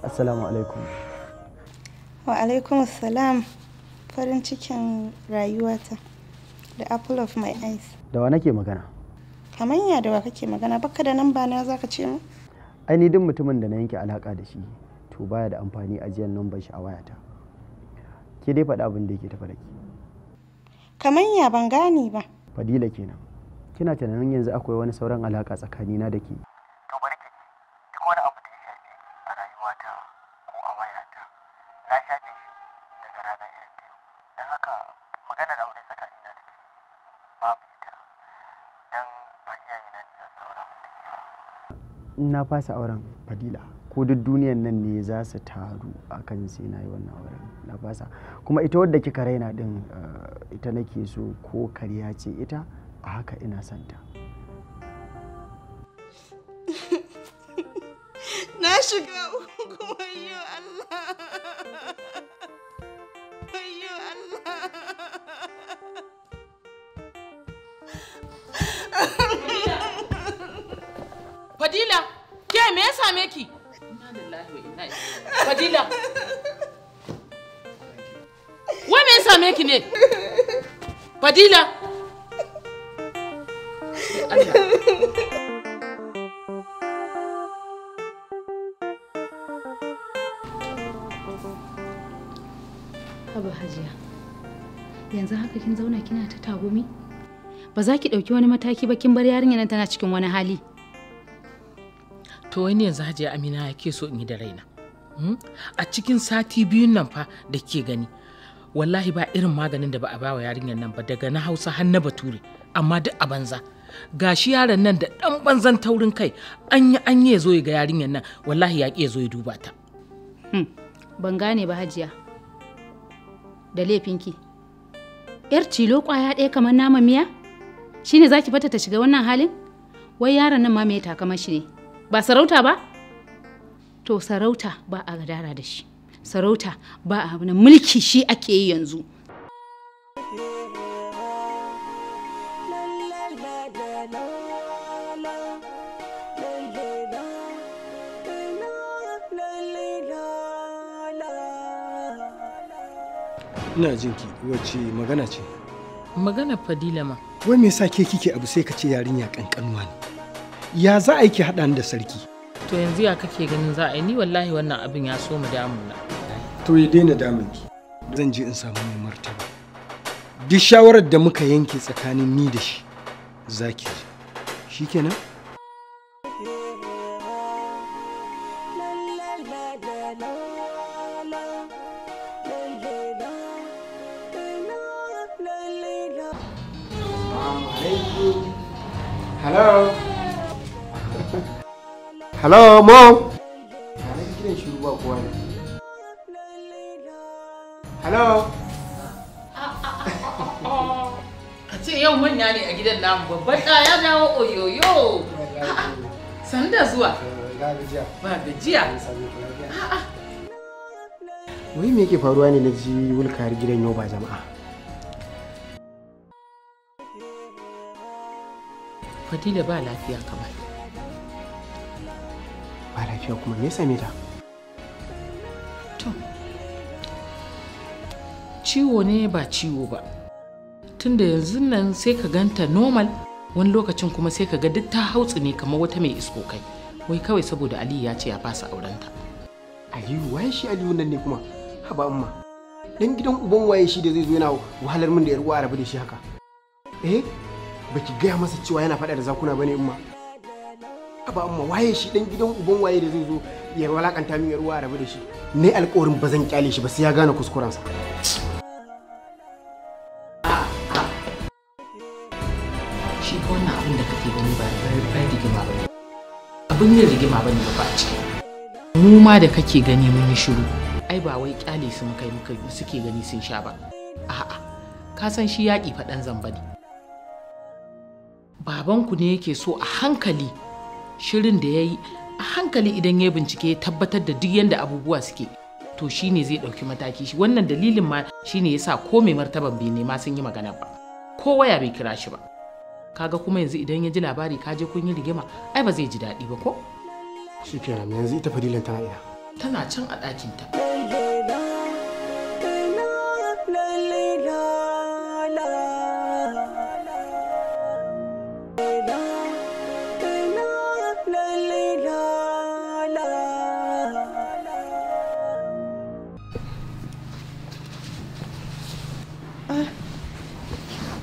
assalamu alaikum wa alaikum assalam farin cikin rayuwata da apple of my eyes da wa nake magana kamar ya da wa kake magana baka da nan ba na zaka ce mu ai ni duk mutumin da na yanke alaka da shi to baya da amfani ajiyar nambar shi a wayata ke dai faɗa abin da yake tafa da ke kamar ya ban gane ba fadila kenan kina tunanin yanzu akwai wani sauran alaka tsakanina da ke na fasa auren fadila ko duk duniyar nan ne za su taru akan sai na yi wannan auren na fasa kuma ita wadda kika raina din eh, ita nake so ko kariya ce ita a haka ina santa same wa Fadila. Wai me ya same ne? Fadila. Hajiya, yanzu haka kin zauna kina ta tagumi? Ba za ki ɗauki wani mataki ba kin bar yarinyar nan tana cikin wani hali. to wani yanzu hajji amina ya ke so in yi da raina hmm? a cikin sati biyun nan fa da ke gani wallahi ba irin maganin da ba a bawa yarinyar nan ba daga na hausa har na bature amma duk a banza gashi yaron nan da ɗan banzan taurin kai an yi an yi zo ga yarinyar nan wallahi ya ke zo ya duba ta. Hmm, ban gane ba hajiya da laifinki yar cilo kwaya ɗaya kamar nama miya shine zaki bata ta shiga wannan halin wai yaron nan ma me takamashi ne ba sarauta ba to sarauta ba a gadara da shi sarauta ba a na mulki shi ake yi yanzu ina jinki wacce magana ce magana fadila ma wai me yasa ke kike abu sai ka ce yarinya kankanuwa ne ya za a yi ki haɗa da sarki to yanzu ya kake ganin za a yi ni wallahi wannan abin ya so mu damuna to ya daina ki. zan je in samu mai martaba duk shawarar da muka yanke tsakanin ni da shi za ki zaki kenan hello mom ne hello a ce yau manya ne a gidan namu babban da ya dawo oyoyo sanda zuwa ba gajiya wai me yake faruwa ne na ji wulkar gidan yau ba jama'a fadila ba lafiya kamar ba lafiya kuma me same ta to ciwo ne ba ciwo ba tunda yanzu nan sai ka ganta normal wani lokacin kuma sai ka ga duk ta hautsi ne kamar wata mai isko kai wai kawai saboda aliyu ya ce ya fasa aurenta aliyu waye shi aliyu nan ne kuma haba amma dan gidan uban waye shi da zai zo yana wahalar min da yar uwa rabu da shi haka eh baki gaya masa cewa yana faɗa da zakuna bane umma ba amma waye shi dan gidan uban waye da zai zo ya walakanta min ruwa a rabu da shi ne alƙawarin ba zan kyale shi ba sai ya gane kuskurensa shi ko wannan abin da kake gani ba ba rigima ba abin yin rigima ba ne ba a ciki mu ma da kake gani mun yi shiru ai ba wai kyale sun kai muka suke gani sun sha ba a'a ka san shi yaƙi faɗan zamba ne babanku ne yake so a hankali shirin da ya yi a hankali idan ya bincike tabbatar da duk yadda abubuwa suke to shine zai ɗauki mataki shi wannan dalilin ma shine yasa ko mai martaban bai nema sun yi magana ba ko waya bai kira shi ba kaga kuma yanzu idan ya ji labari ka je kun yi rigima ai ba zai ji daɗi ba ko shikenan yanzu ita fadilan tana ina tana can a ɗakinta ta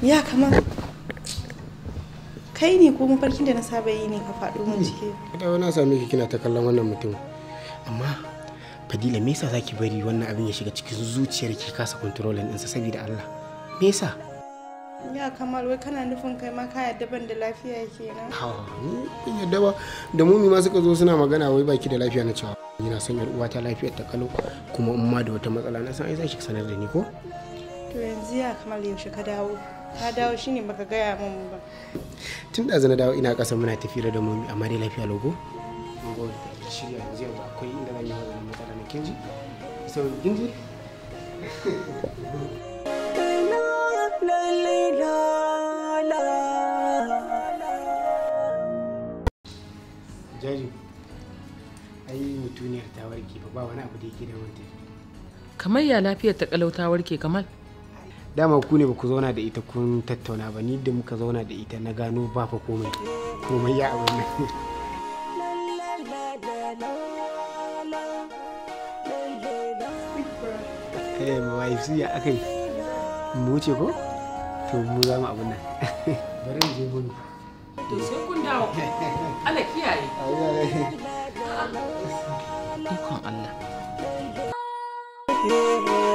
ya kama kai ne ko mafarkin da na saba yi ne ka faɗo mun hmm. ciki da na same ki kina ta kallon wannan mutum amma fadila me yasa zaki bari wannan abin ya shiga cikin zuciyar ki kasa controlling sa saboda Allah me yasa ya kamal wai kana nufin kai ma ka yadda ban da lafiya kenan ha ni yadda ba da mi ma suka zo suna magana wai baki da lafiya na cewa ina son yar uwa ta lafiyar ta kalo kuma in ma da wata matsala na san ai zaki sanar da ni ko to yanzu ya kamal yaushe ka dawo ka dawo shine baka gaya min ba tun da na dawo ina kasa muna tafira da momi amma dai lafiya logo mun gode da shirya yanzu yanzu akwai inda zan yi wannan matsala na kinji so kinji jaji ai mutuniyar ta warke ba wani abu da yake da wanta kamar ya lafiyar ta kalau ta warke kamal dama ku ne ba ku zauna da ita kun tattauna ba ni da muka zauna da ita na gano ba fa komai komai ya abin nan eh Allah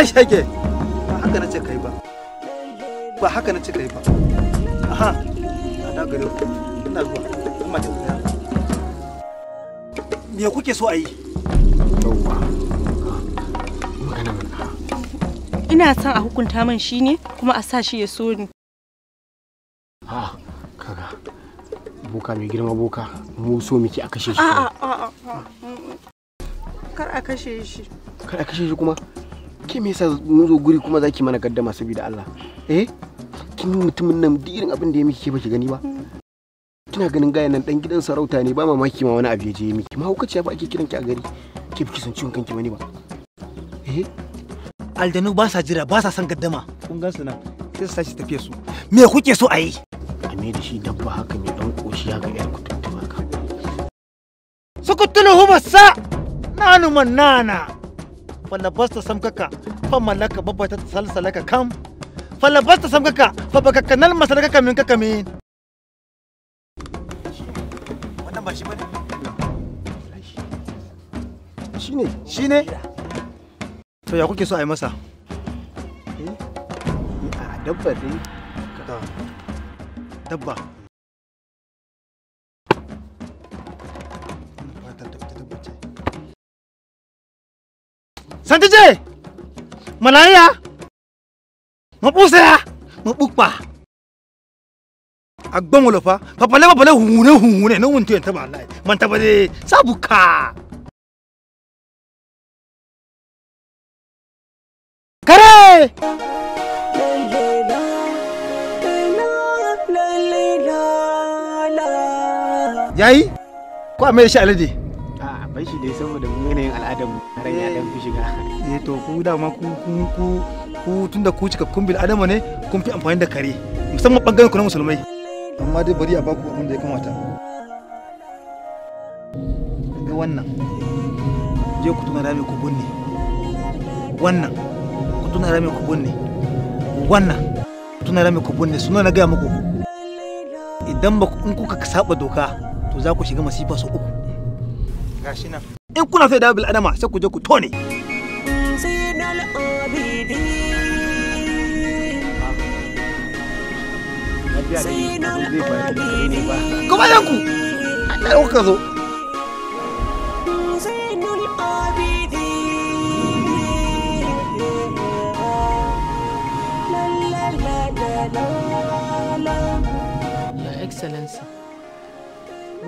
an shage ba haka na ce kai ba ba haka na ce kai ba aha na gare ina zuwa kuma ta wuya me kuke so a yi yawwa ina son a hukunta man shi ne kuma a sa shi ya so ni ha kaga boka mai girma boka mu so miki a kashe shi a a a kar a kashe shi kar a kashe shi kuma ke me yasa mun zo guri kuma zaki mana gaddama saboda Allah eh kin mutumin nan duk irin abin da ya miki ke baki gani ba kina ganin gayan nan dan gidan sarauta ne ba mamaki ma wani abu ya je miki ma hukaci ba ake kiran ki a gari ke biki san ciwon kanki bane ba eh aldanu ba sa jira ba sa san gaddama kun gansu nan sai su tashi tafiye su me kuke so a yi a me da shi dabba haka mai dan koshi haka yar kutuntu ka sukuttulu humassa nanu falabasta samkaka fa malaka babba ta salsalaka kam falabasta samkaka fa baka kanal masalaka kamin ka min wannan ba shi bane shine shine to ya kuke so a yi masa eh, dabba dai ah, dabba santije malaya mabusaya mabukpa agban wala fa papale papale hune hune no one to enter my life. manta bade sabuka kare yayi ko a mai shi alade a bai shi dai saboda mu yanayin al'adar mu ran ya dan fi shiga eh to ku dama ku ku ku tunda ku cikakkun bil adama ne kun fi amfani da kare musamman bangaren ku na musulmai amma dai bari a baku abin da ya kamata ga wannan je ku tuna rami ku bunne wannan ku tuna rami ku bunne wannan ku tuna rami ku bunne suna na gaya muku idan ba in kuka saba doka to za ku shiga masifa su uku gashi nan in kuna sai dabil adama sai ku je ku tone kuma yanku a ɗaya kuka zo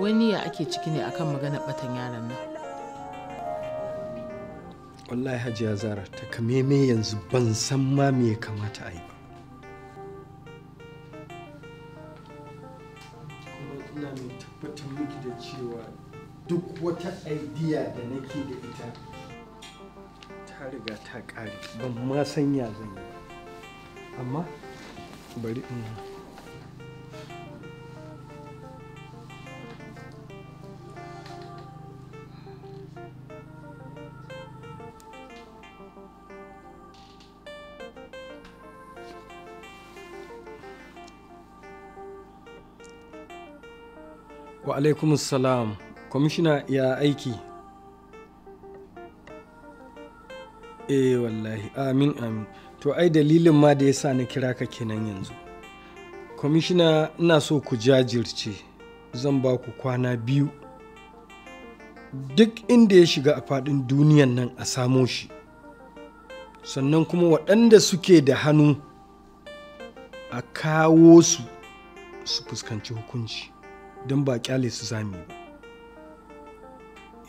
wani ya ake ciki ne akan magana batan yaran nan wallahi hajiya zara ta kameme yanzu ban san ma me ya kamata a yi ba ina mai tabbatar miki da cewa duk wata idea da nake da ita ta riga ta ƙare ban ma sanya zan yi amma bari in wa salam kwamishina ya aiki eh wallahi amin amin to ai dalilin ma da ya sa na kira ka kenan yanzu kwamishina ina so ku jajirce zan ba ku kwana biyu duk inda ya shiga a faɗin duniyan nan a samo shi sannan kuma waɗanda suke da hannu a kawo su su fuskanci hukunci don ba kyale su sami ba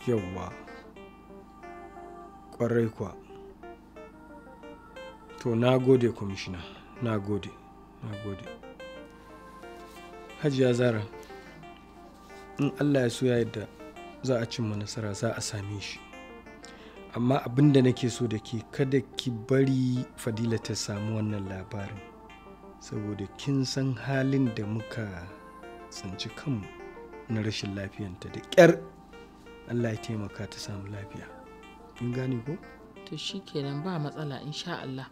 yawwa kwarai kuwa to na gode kwamishina na gode na gode hajiya zara in allah ya so ya yadda za a cimma nasara za a same shi amma abin da nake so da ke kada ki bari fadila ta samu wannan labarin saboda kin san halin da muka tsinci kanmu na rashin lafiyanta da ƙyar Allah ya taimaka ta samu lafiya in gane ko to kenan ba matsala insha Allah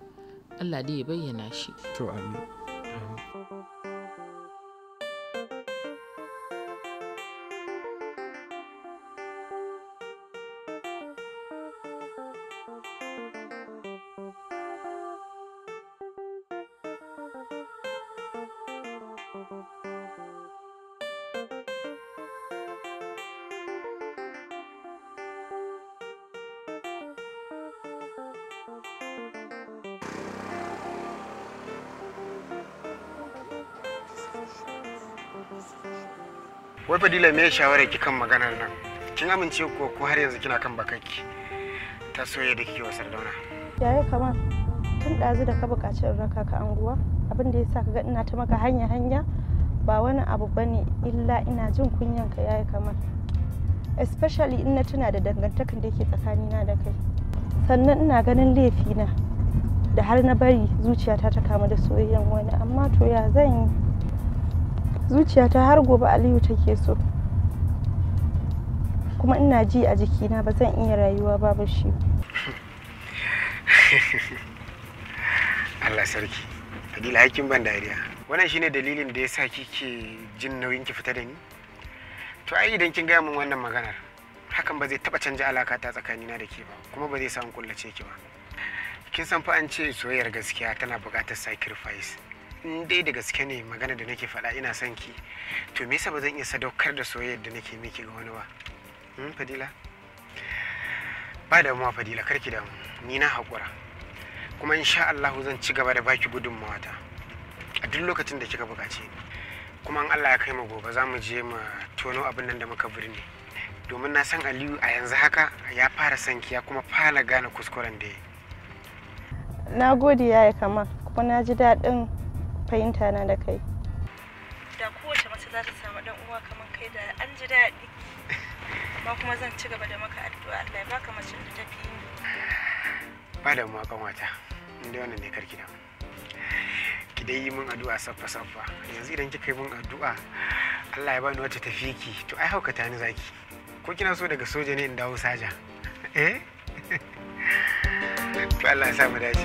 Allah dai ya bayyana shi to amin fadila me shawarar ki kan maganar nan kin amince ko ko har yanzu kina kan bakanki ta soyayya da kike wasar sardauna yaya kaman tun ɗazu da ka bukaci in raka ka anguwa abin da yasa kaga ina ta maka hanya hanya ba wani abu bane illa ina jin kunyan ka yaya kamar especially in na tuna da dangantakan da yake na da kai sannan ina ganin laifi na da har na bari zuciyata ta kama da soyayyan wani amma to ya zan yi zuciyata har gobe aliyu take so kuma ina ji a jikina ba zan iya rayuwa babu shi Allah sarki fadila hakin ban dariya wannan shine dalilin da yasa kike jin nauyin ki fita da ni to ai idan kin gaya min wannan maganar hakan ba zai taba canja alaka ta tsakanina da ke ba kuma ba zai sa kullace ki ba kin san fa an ce soyayyar gaskiya tana buƙatar sacrifice in dai da gaske ne magana da nake faɗa ina son ki to me yasa ba zan iya sadaukar da soyayyar da nake miki ga wani ba hmm, fadila ba mu fadila karki damu ni na haƙura kuma insha Allah zan ci gaba da baki gudunmawa ta a duk lokacin da kika buƙace kuma in Allah ya kai mu gobe za mu je mu tono abin nan da muka birni domin na san Aliyu a yanzu haka ya fara son ya kuma fara gane kuskuren da ya na gode ya kama kuma na ji daɗin fahimta na da kai da kowace mace za ta samu dan uwa kamar kai da an ji daɗi amma kuma zan ci gaba da maka addu'a Allah ya baka mace da tafi ba da mu akan wata inda wannan ne karki da ki dai yi min addu'a saffa saffa yanzu idan kika yi min addu'a Allah ya bani wata tafi ki to ai haukata ni zaki ko kina so daga soja ne in dawo saja eh ba Allah ya sa mu dace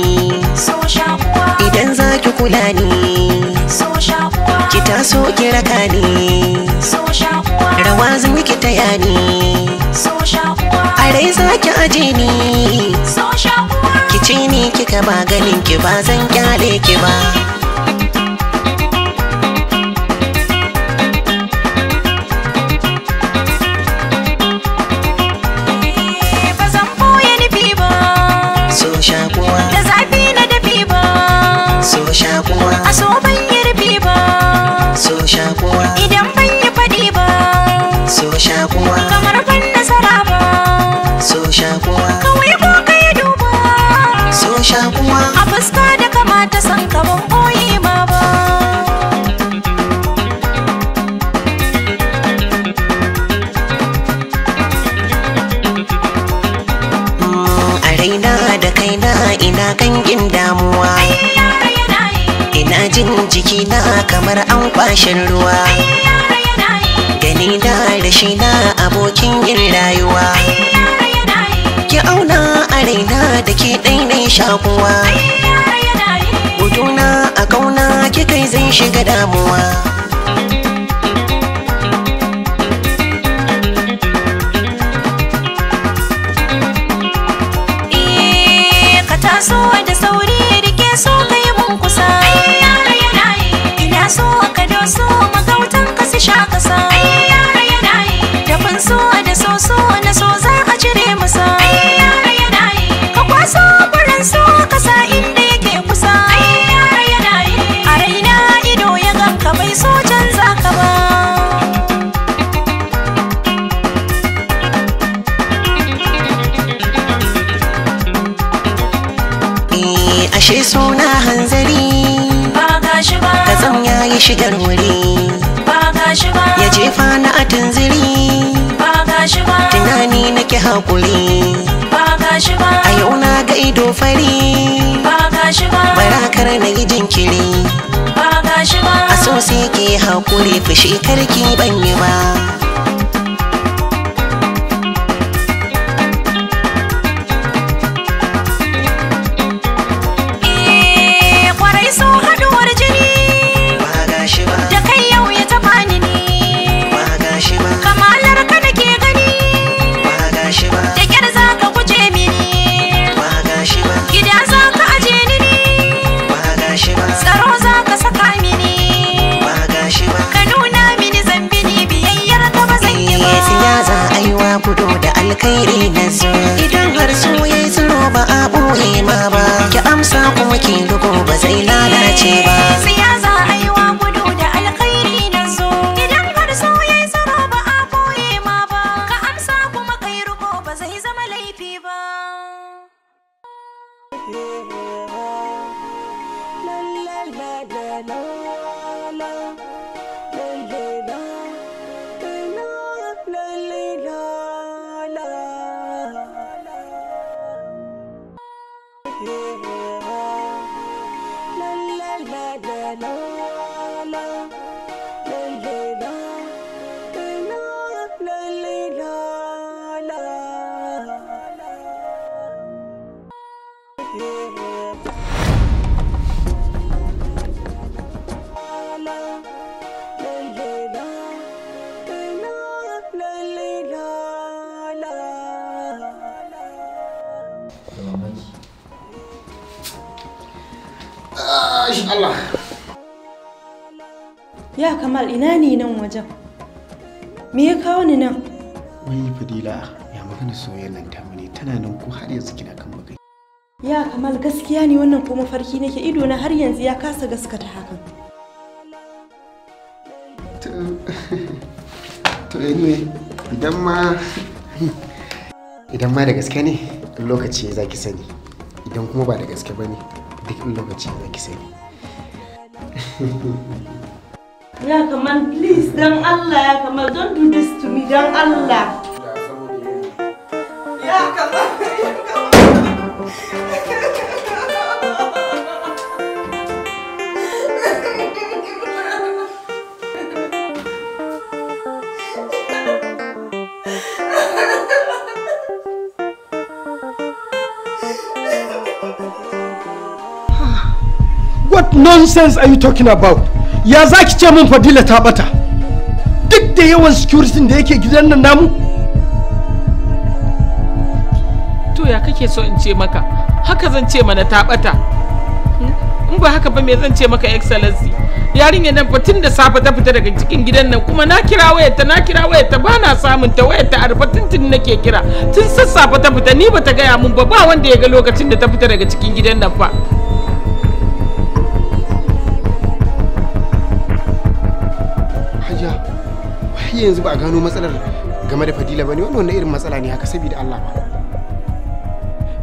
kula ni ki taso ki raka ni rawa zan ki taya ni a za ki aje ni ki ni kika ba ganin ki ba zan kyale ki ba so kuwa, a so ban yarfi ba so jin jiki na kamar an kwashin ruwa gani na rashi na abokin yin rayuwa ki auna a raina da ke ɗainai shakuwa hutuna a kauna kikai zai shiga damuwa hakuri ba yau na ga ido fari ba shi ba na yi jinkiri ba shi ba a so sai ke hakuri fushi karki ban yi ba Kamal ina ne nan wajen? Me ya kawo ni nan? Wai Fadila ya magana soyayyar nan ta mune tana nan ko har yanzu kina kan magana. Ya Kamal gaskiya ne wannan kuma farki nake ido na har yanzu ya kasa gaskata hakan. To anyway idan ma idan ma da gaske ne lokaci za ki sani idan kuma ba da gaske ba ne duk lokaci za ki sani. Ya Kamal, please dang Allah ya Kamal, don't do this to me dang Allah. Ya Kamal, ya, What nonsense are you talking about? ya za ki ce min fadila ta bata duk da yawan security da yake gidan nan namu to ya kake so in ce maka haka zan ce mana ta bata in ba haka ba me zan ce maka excellency yarinya nan tun da safe ta fita daga cikin gidan nan kuma na kira wayarta na kira wayarta ba na samun ta wayarta arfa tun nake kira tun sassafe ta fita ni bata gaya mun ba ba wanda ya ga lokacin da ta fita daga cikin gidan nan fa yanzu ba gano matsalar game da fadila ba ne wannan wani irin matsala ne haka saboda Allah ba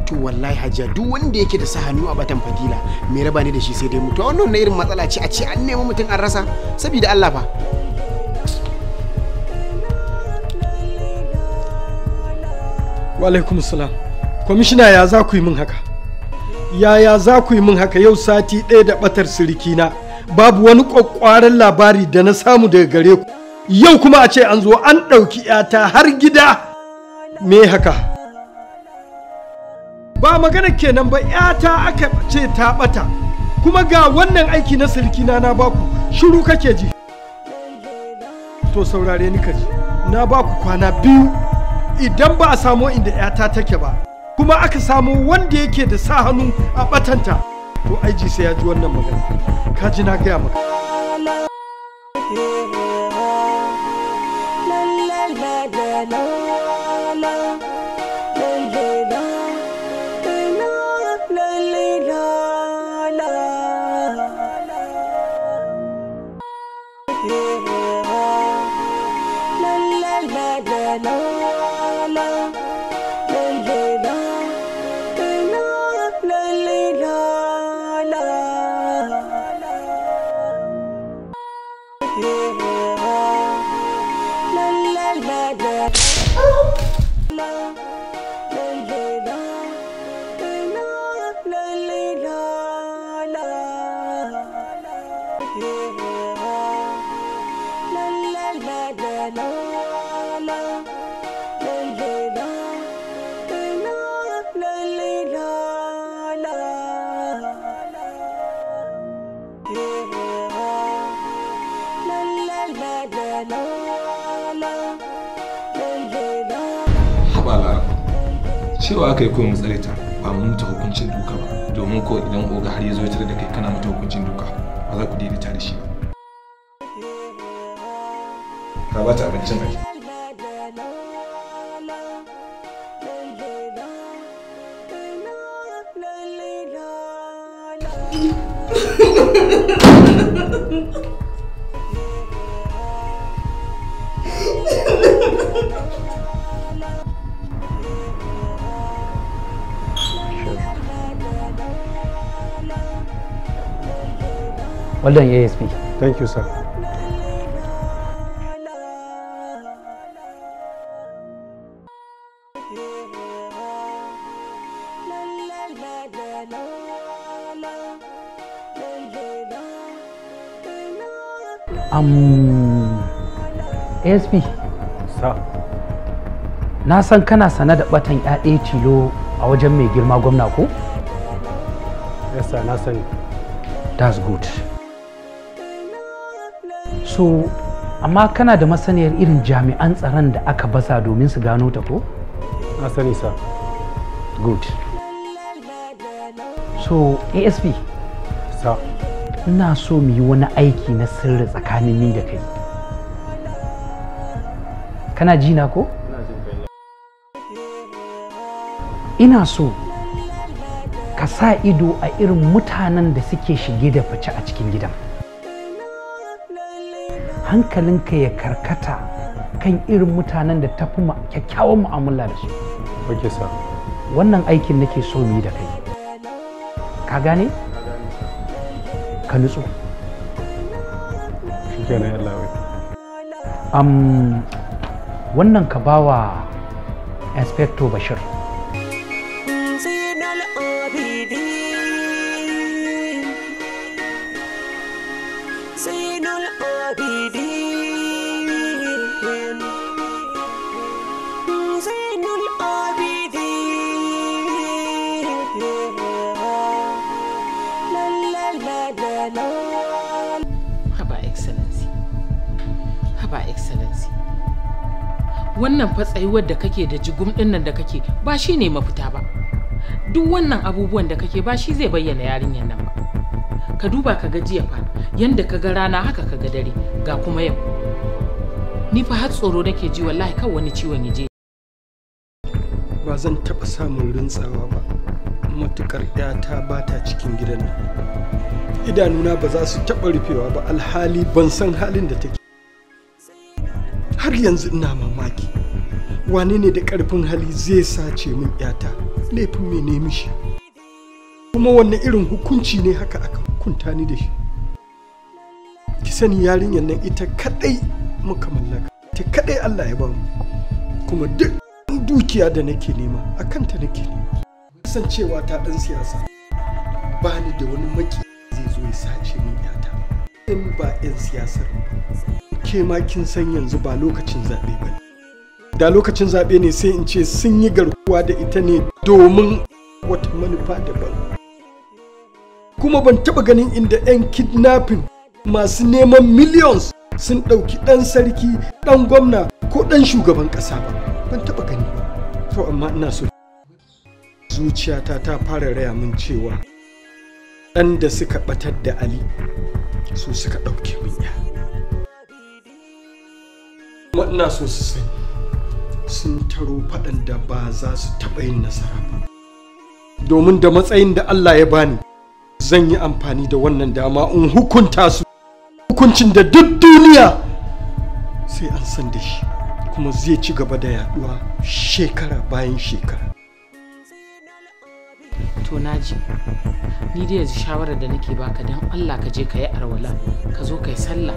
to wallahi hajiya duk wanda yake da sahanu a batan fadila me raba ne da shi sai dai mutu wannan wani irin matsala ce a ce an nemi mutum an rasa saboda Allah ba wa alaikum salam kwamishina ya za ku yi min haka yaya za ku yi min haka yau sati ɗaya da ɓatar sirikina babu wani ƙwaƙƙwaran labari da na samu daga gare ku yau kuma a ce an zo an ɗauki ‘yata har gida me haka ba magana kenan ba ‘yata aka ce ta ɓata kuma ga wannan aiki na silkina na baku shiru kake ji to saurare ni kaji na baku kwana biyu idan ba a samu inda ‘yata take ba kuma aka samu wanda yake da sa hannu a ɓatanta to aiji sai ya ji wannan magana ka ji na gaya maka cewa aka yi koyon tsare ba mu mutu hukuncin duka ba domin ko idan oga har ya zo ya da kai kana mutu hukuncin duka ba za ku daidaita da shi ba ka ba ta abincin well done asp thank you sir Um, asp sir na san kana sana da batan yaɗe tilo a wajen mai girma gwamna ko? yes sir na sani that's good so amma kana da masaniyar irin jami'an tsaron da aka basa domin su gano ta ko? na sani sa good so asp sa ina so mu yi wani aiki na sirri tsakanin ni da kai kana ji ko? ina so ka sa ido a irin mutanen da suke shige da fice a cikin gidan. hankalinka ya karkata kan irin mutanen da tafi kyakkyawan mu'amala da su wannan aikin nake so yi da kai ka gane ka nutsu wannan ka bawa inspector bashir fa tsayuwar da kake da jigum din nan da kake ba shi ne mafita ba duk wannan abubuwan da kake ba shi zai bayyana yarinyar nan ba ka duba ka ga jiya fa yanda ka ga rana haka ka ga dare ga kuma yau ni fa har tsoro nake ji wallahi kan wani ciwon ya je ba zan taɓa samun rintsawa ba matukar ta ba ta cikin gidan nan idanuna ba za su taɓa rufewa ba alhali ban san halin da take har yanzu ina mamaki wani ne da karfin hali zai sace min yata laifin mai ne mishi kuma wanne irin hukunci ne haka aka hukunta ni da shi ki sani yarinyar nan ita kadai muka mallaka ta kadai Allah ya mu kuma duk dukiya da nake nema a kanta nake nema kasancewa ta dan siyasa ba ni da wani maki zai zo ya sace min yata in ba 'yan siyasar ke ma kin san yanzu ba lokacin zaɓe ba ne da lokacin zaɓe ne sai in ce sun yi garkuwa da ita ne domin wata manufa daban kuma ban taɓa ganin inda 'yan kidnapping masu neman millions sun ɗauki ɗan sarki ɗan gwamna ko ɗan shugaban ƙasa ba ban taɓa gani to amma ina so zuciyata ta fara raya min cewa ɗan da suka ɓatar da ali su suka ɗauke min ya kuma ina so su sani sun taro faɗan da ba za su taɓa yin nasara ba domin da matsayin da Allah ya bani zan yi amfani da wannan dama in hukunta su hukuncin da duk duniya sai an san da shi kuma zai ci gaba da yaduwa shekara bayan shekara to naji ni dai yanzu shawarar da nake baka don Allah ka je ka yi arwala ka zo ka sallah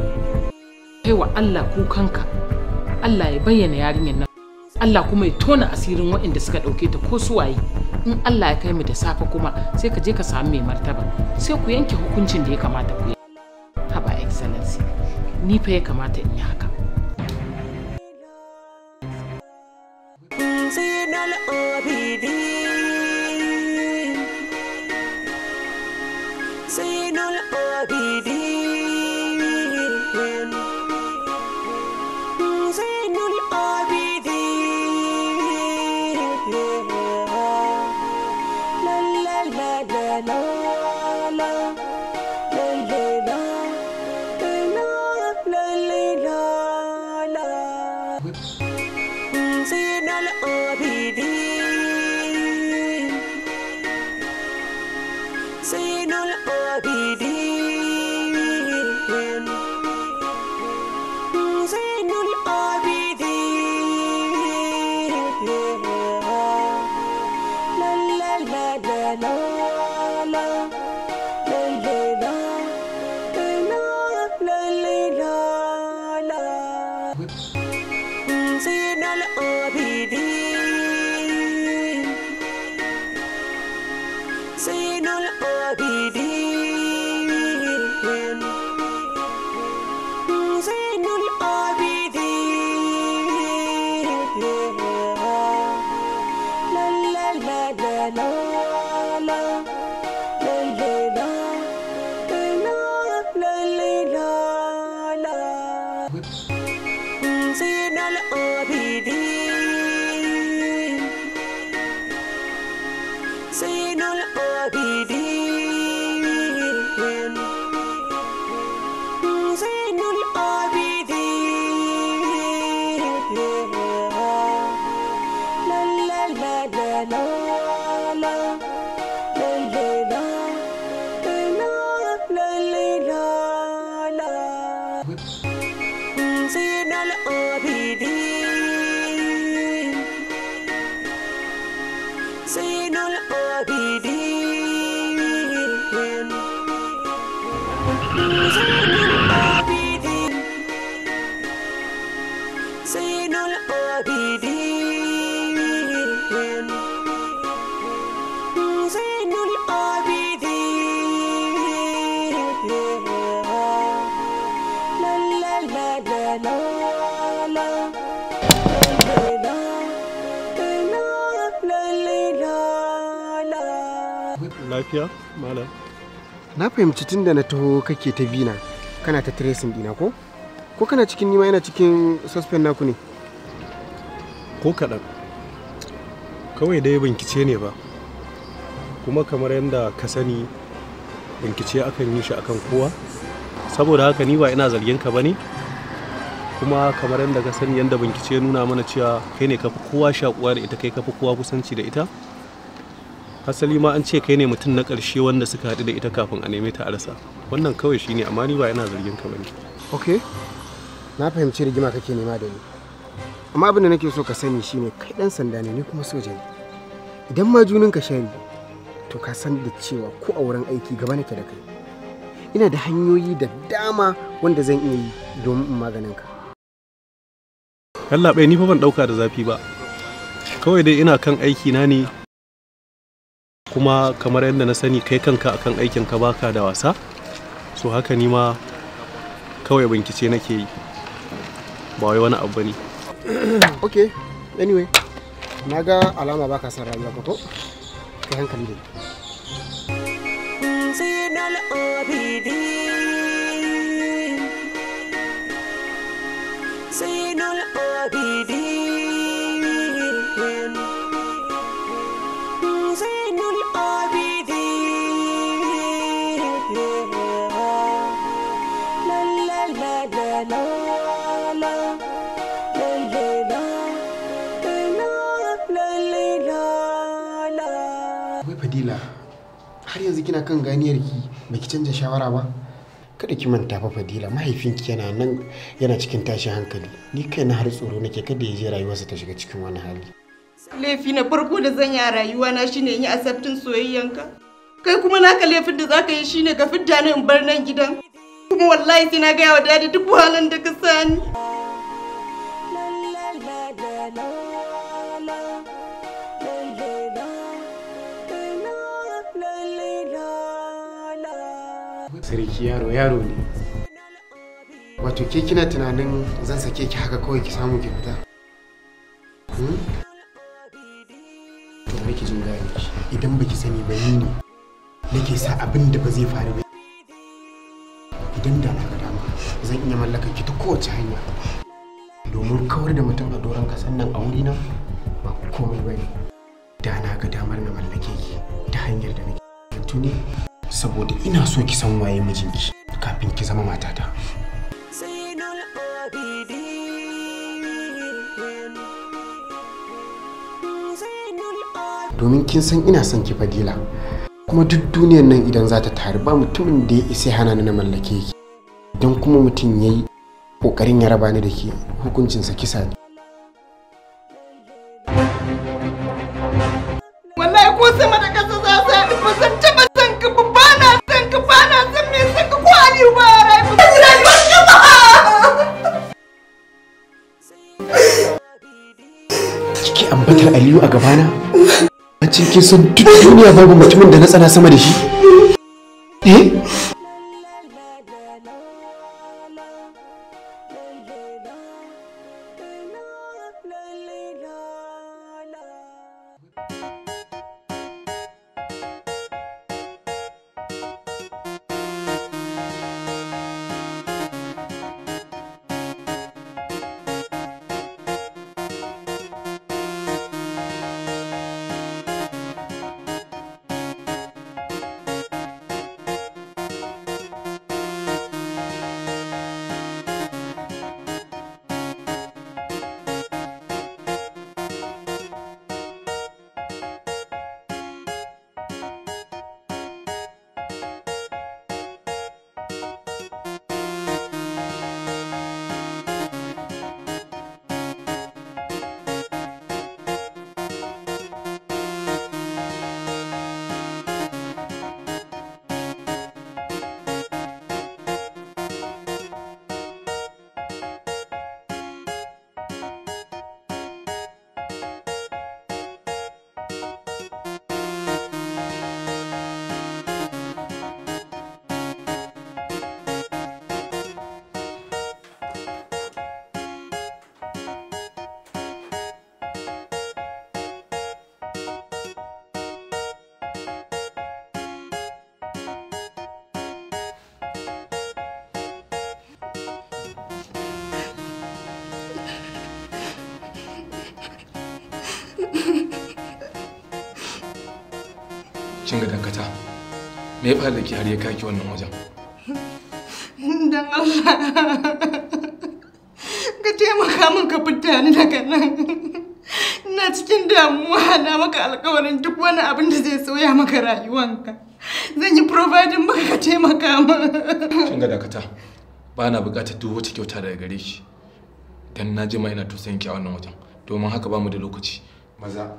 kai wa Allah kukanka Allah ya bayyana yarinyar nan Allah kuma ya tona asirin waɗanda suka ɗauke ta ko suwaye in Allah ya kai mu da safe kuma sai ka je ka samu mai martaba sai ku yanke hukuncin da ya kamata ku yi haba excellency ni fa ya kamata in yi haka lafiya malam na fahimci tun da na taho kake ta bina kana ta tracing dina ko ko kana cikin nima yana cikin suspend naku ne ko kaɗan kawai dai bincike ne ba kuma kamar yadda ka sani bincike akan yi shi akan kowa saboda haka ni ba ina zargin ka bane kuma kamar yadda ka sani yadda bincike nuna mana cewa kai ne kafi kowa shakuwa da ita kai kafi kowa kusanci da ita hasali ma an ce kai ne mutum na ƙarshe wanda suka haɗu da ita kafin a neme ta a rasa wannan kawai shi ne amma ni ba yana zargin ka bane ok na fahimci rigima kake nema da ni amma abin da nake so ka sani shine kai ɗan sanda ne ni kuma soja ne idan ma juninka shari to ka san da cewa ko a wurin aiki gaba nake da kai ina da hanyoyi da dama wanda zan iya yi domin in maganin ka Allah bai ni fa ban dauka da zafi ba kawai dai ina kan aiki na ne kuma kamar yadda na sani kai kanka akan aikin ka baka da wasa so haka ni ma kawai bincike nake yi ba wai wani abu ne okay anyway na ga alama baka son rayuwa ko kai hankali da Zainal Abidin Zainal Abidin kina kan ganiyar ki baki canza shawara ba kada ki manta fa fadila mahaifinki yana nan yana cikin tashin hankali ni kai na har tsoro nake kada ya je rayuwarsa ta shiga cikin wani hali laifi na farko da zan yi rayuwa na shine yi asabtin soyayyanka kai kuma naka laifin da zaka yi shine ka fidda ni in bar nan gidan kuma wallahi sai na ga yawa dadi duk wahalan da ka sani sarki yaro yaro ne wato ke kina tunanin zan sake ki haka kawai ki samu ki fita hmm? to ki jin gani idan baki sani ba ni ne nake sa abin da ba zai faru ba idan da na gada ma zan iya mallaka ki ta kowace hanya domin kawar da mutum a doron kasan nan a wuri na ba komai ba ne da na ga damar na mallake ki ta hanyar da nake tuni saboda ina so ki san waye mijinki kafin ki zama matata domin kin san ina son ki fadila kuma duk duniyar nan idan za ta taru ba mutumin da ya isa hana ni na mallake ki don kuma mutum ya yi ƙoƙarin ya raba ni da ke hukuncinsa kisa ne aliyu a gabana a cikin sun duk duniya babu mutumin da na tsana sama da shi eh ya fara da ki har ya kaki wannan wajen Allah ka taimaka min ka fita ni daga nan ina cikin damuwa na maka alkawarin duk wani abin da zai soya maka rayuwanka zan yi providing maka ka taimaka min kin ga dakata ba na bukatar duk wata kyauta daga gare shi dan na jima ina tusayin ki a wannan wajen domin haka ba mu da lokaci maza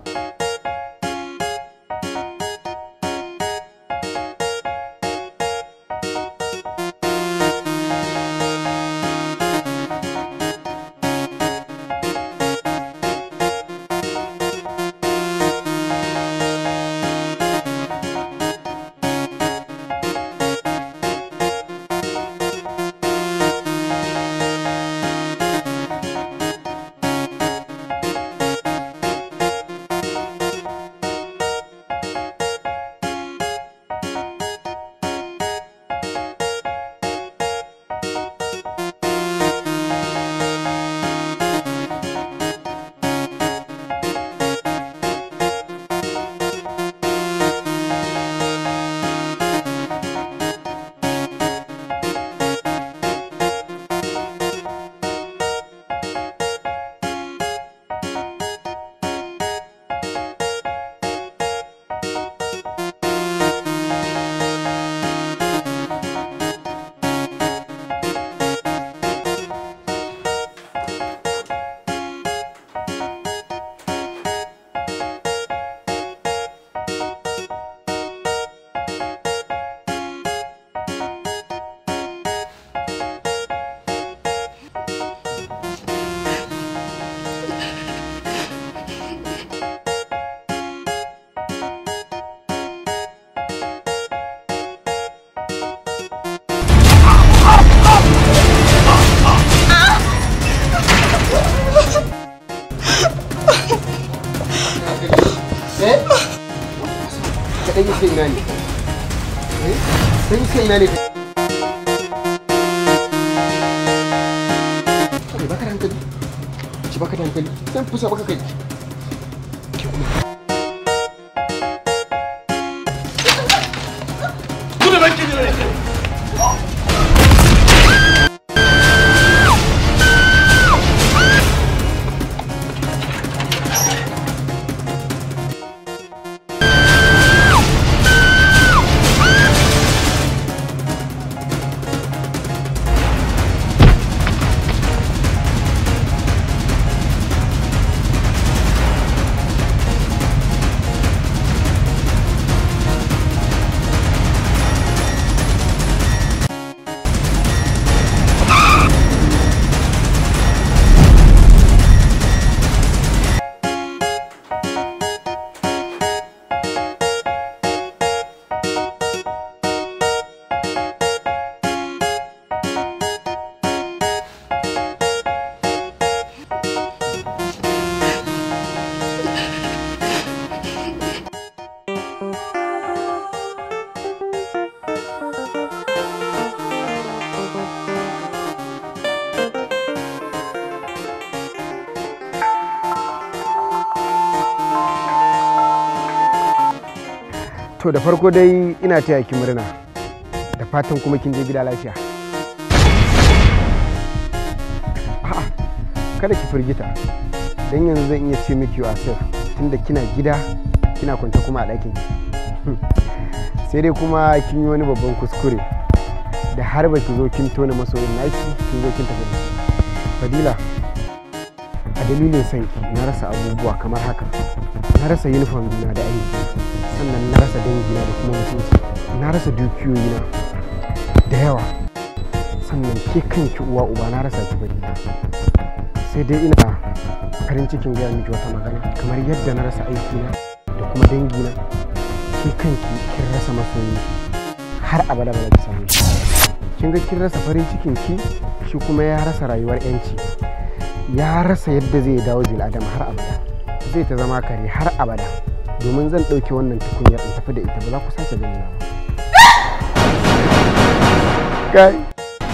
anything. To da farko dai ina taya ki murna da fatan kuma kin je gida lafiya. kada ki firgita don yanzu zan iya ce miki wasir tunda kina gida kina kwanta kuma a ɗakin sai dai kuma kin yi wani babban kuskure da har ba ki zo kin tona masoyin naki kin zo kin tafi da dalilin son ki na rasa abubuwa kamar haka na rasa uniform na da aiki sannan na rasa dangi na da kuma mutunci na rasa dukiyoyi na da yawa sannan ke kanki uwa uba na rasa ki bari sai dai ina farin cikin gaya miki wata magana kamar yadda na rasa aiki na da kuma dangi na ke kanki kin rasa masoyi har abada bala ki same kin ga kin rasa farin cikin ki shi kuma ya rasa rayuwar yanci ya rasa yadda zai dawo bil adam har abada zai ta zama kare har abada domin zan ɗauki wannan tukunya in tafi da ita ba za ku sake gani na ba kai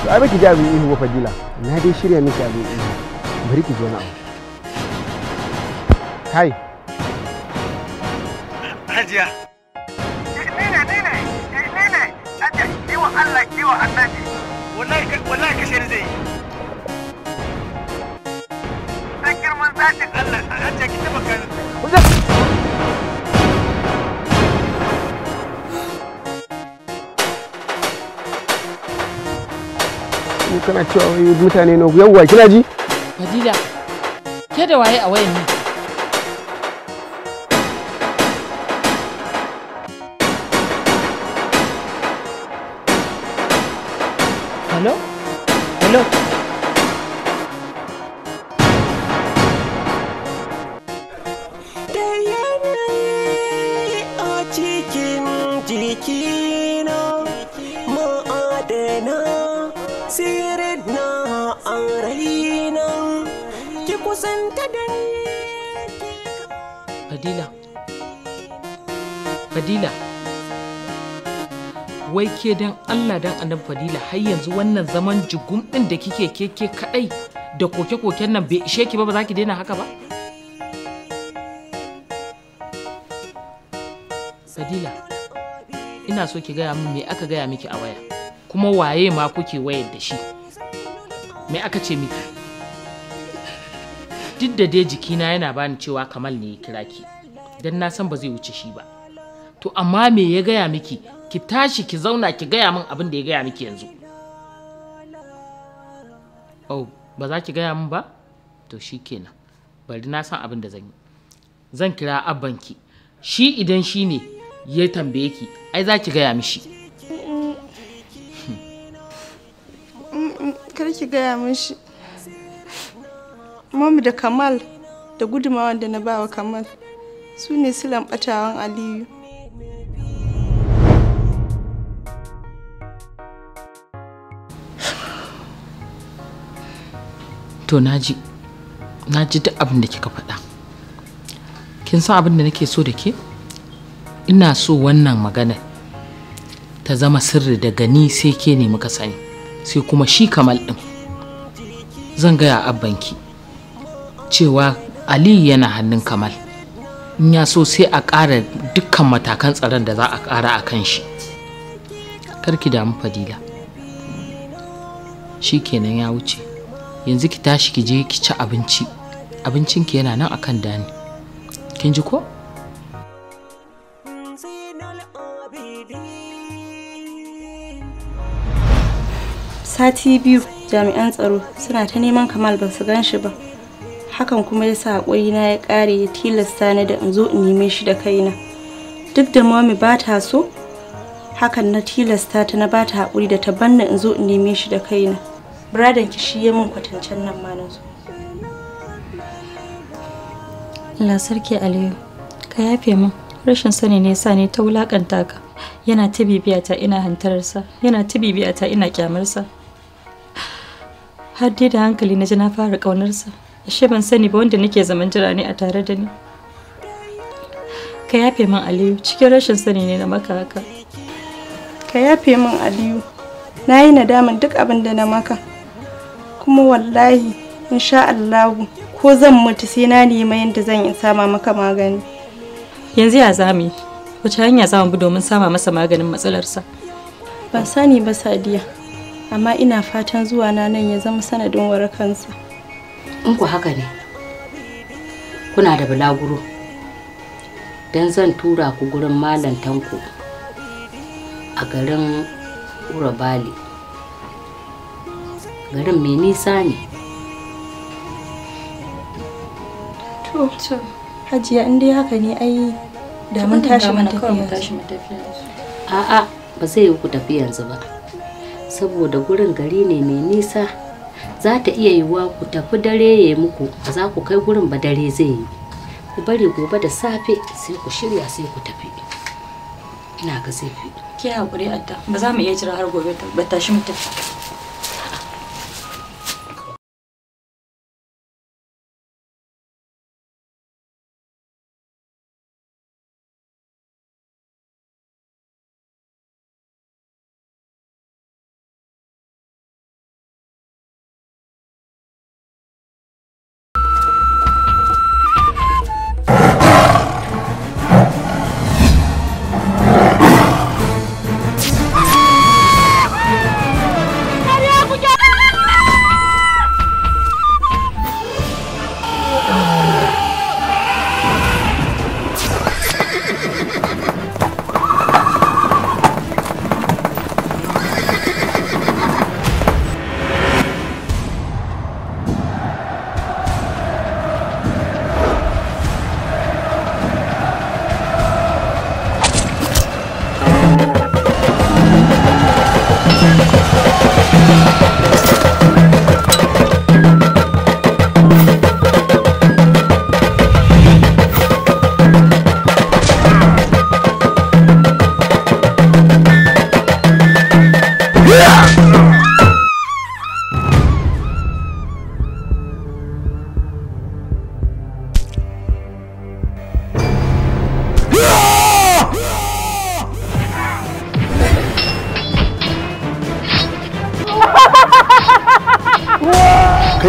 to ai miki ji abin ihu ba fadila na dai shirya miki abin ihu bari ki ji wani abu kai hajiya wallahi kashe zai yi zaɗin Allah ki taimaka ni. kana cewa mutane ne yawwa kina ji? Fadila, ke da waye a wayan wai ke dan Allah dan annabi fadila har yanzu wannan zaman jigum din da kike keke kadai da koke-koken nan bai ishe ki ba ba za ki daina haka ba fadila ina so ki gaya min me aka gaya miki a waya kuma waye ma kuke wayar da shi me aka ce miki duk da dai jikina yana bani cewa kamal ne ya kira ki don na san ba zai wuce shi ba to amma me ya gaya miki ki tashi ki zauna ki gaya min abin da ya gaya miki yanzu oh ba za ki gaya min ba to shi kenan bari na san abin da zan yi zan kira abbanki shi idan shi ne ya tambaye ki ai za ki gaya mishi kar ki gaya mishi mamu da kamal da gudumawan da na bawa kamal su ne silan batawan aliyu to naji naji duk abin da kika faɗa kin san abin da nake so da ke ina so wannan magana ta zama sirri daga ni sai ke ne muka sani sai kuma shi kamal ɗin zan gaya abbanki cewa ali yana hannun kamal in ya so sai a ƙara dukkan matakan tsaron da za a ƙara a kan shi karki damu fadila shi kenan ya wuce yanzu ki tashi ki je ki ci abinci abincin ki yana nan akan dani kin ji ko sati biyu jami'an tsaro suna ta neman kamal ba su gan shi ba hakan kuma ya sa na ya kare ya tilasta ni da in zo in neme shi da kaina duk da mami ba ta so hakan na tilasta ta na ba ta haƙuri da ta banna in zo in neme shi da kaina Bradan ki shi ya min kwatancen nan ma na zo. Allah sarki Aliyu, ka yafe min. Rashin sani ne yasa ne ta wulakanta ka. Yana ta bibiyata ina hantararsa, yana ta bibiyata ina kyamarsa. Har dai da hankali na ji na fara ƙaunarsa. Ashe ban sani ba wanda nake zaman jira ne a tare da ni. Ka yafe min Aliyu, cikin rashin sani ne na maka haka. Ka yafe min Aliyu, na yi nadaman duk abin da na maka. kuma wallahi insha Allahu ko zan mutu sai na nema yadda zan yi sama maka magani yanzu ya zami wace hanya za mu bi domin sama masa maganin matsalarsa ban sani ba sadiya amma ina fatan zuwa na nan ya zama sanadin warakansa in ku haka ne kuna da bulaguro dan zan tura ku gurin malam tanko a garin urabali garin mai nisa ne to to hajiya inda dai haka ne ai da mun tashi mun tafiya a'a ba zai yi ku tafi yanzu ba saboda gurin gari ne mai nisa za ta iya yiwuwa ku tafi dare ya yi muku ba za ku kai gurin ba dare zai yi ku bari gobe da safe sai ku shirya sai ku tafi ina ga zai fi ki hakuri adda ba za mu iya jira har gobe ba tashi mu tafi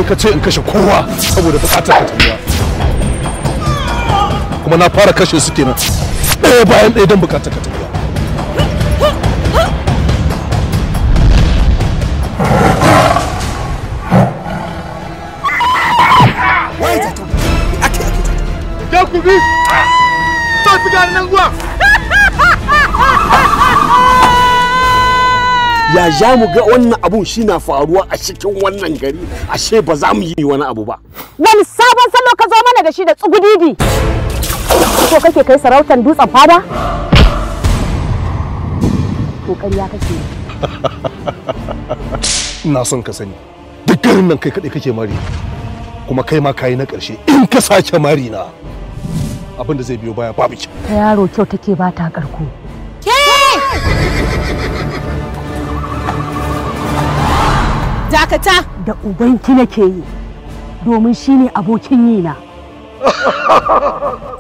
ka ce in kashe kowa saboda bukatar ka tafiya kuma na fara kashe su kenan ɗaya bayan ɗaya don bukatar ka tafiya za mu ga wannan abun shi na faruwa a cikin wannan gari ashe ba za mu yi wani abu ba wani sabon salo ka zo mana da shi da tsugudidi ko kake kai sarautar dutsen fada to ƙarya kake ina son ka sani duk garin nan kai kaɗai kake mari kuma kai ma kayi na ƙarshe in ka sake mari na abin da zai biyo baya babu ki. ta yaro kyau take ba ta ƙarko dakata da ubanki nake yi domin shine abokin yina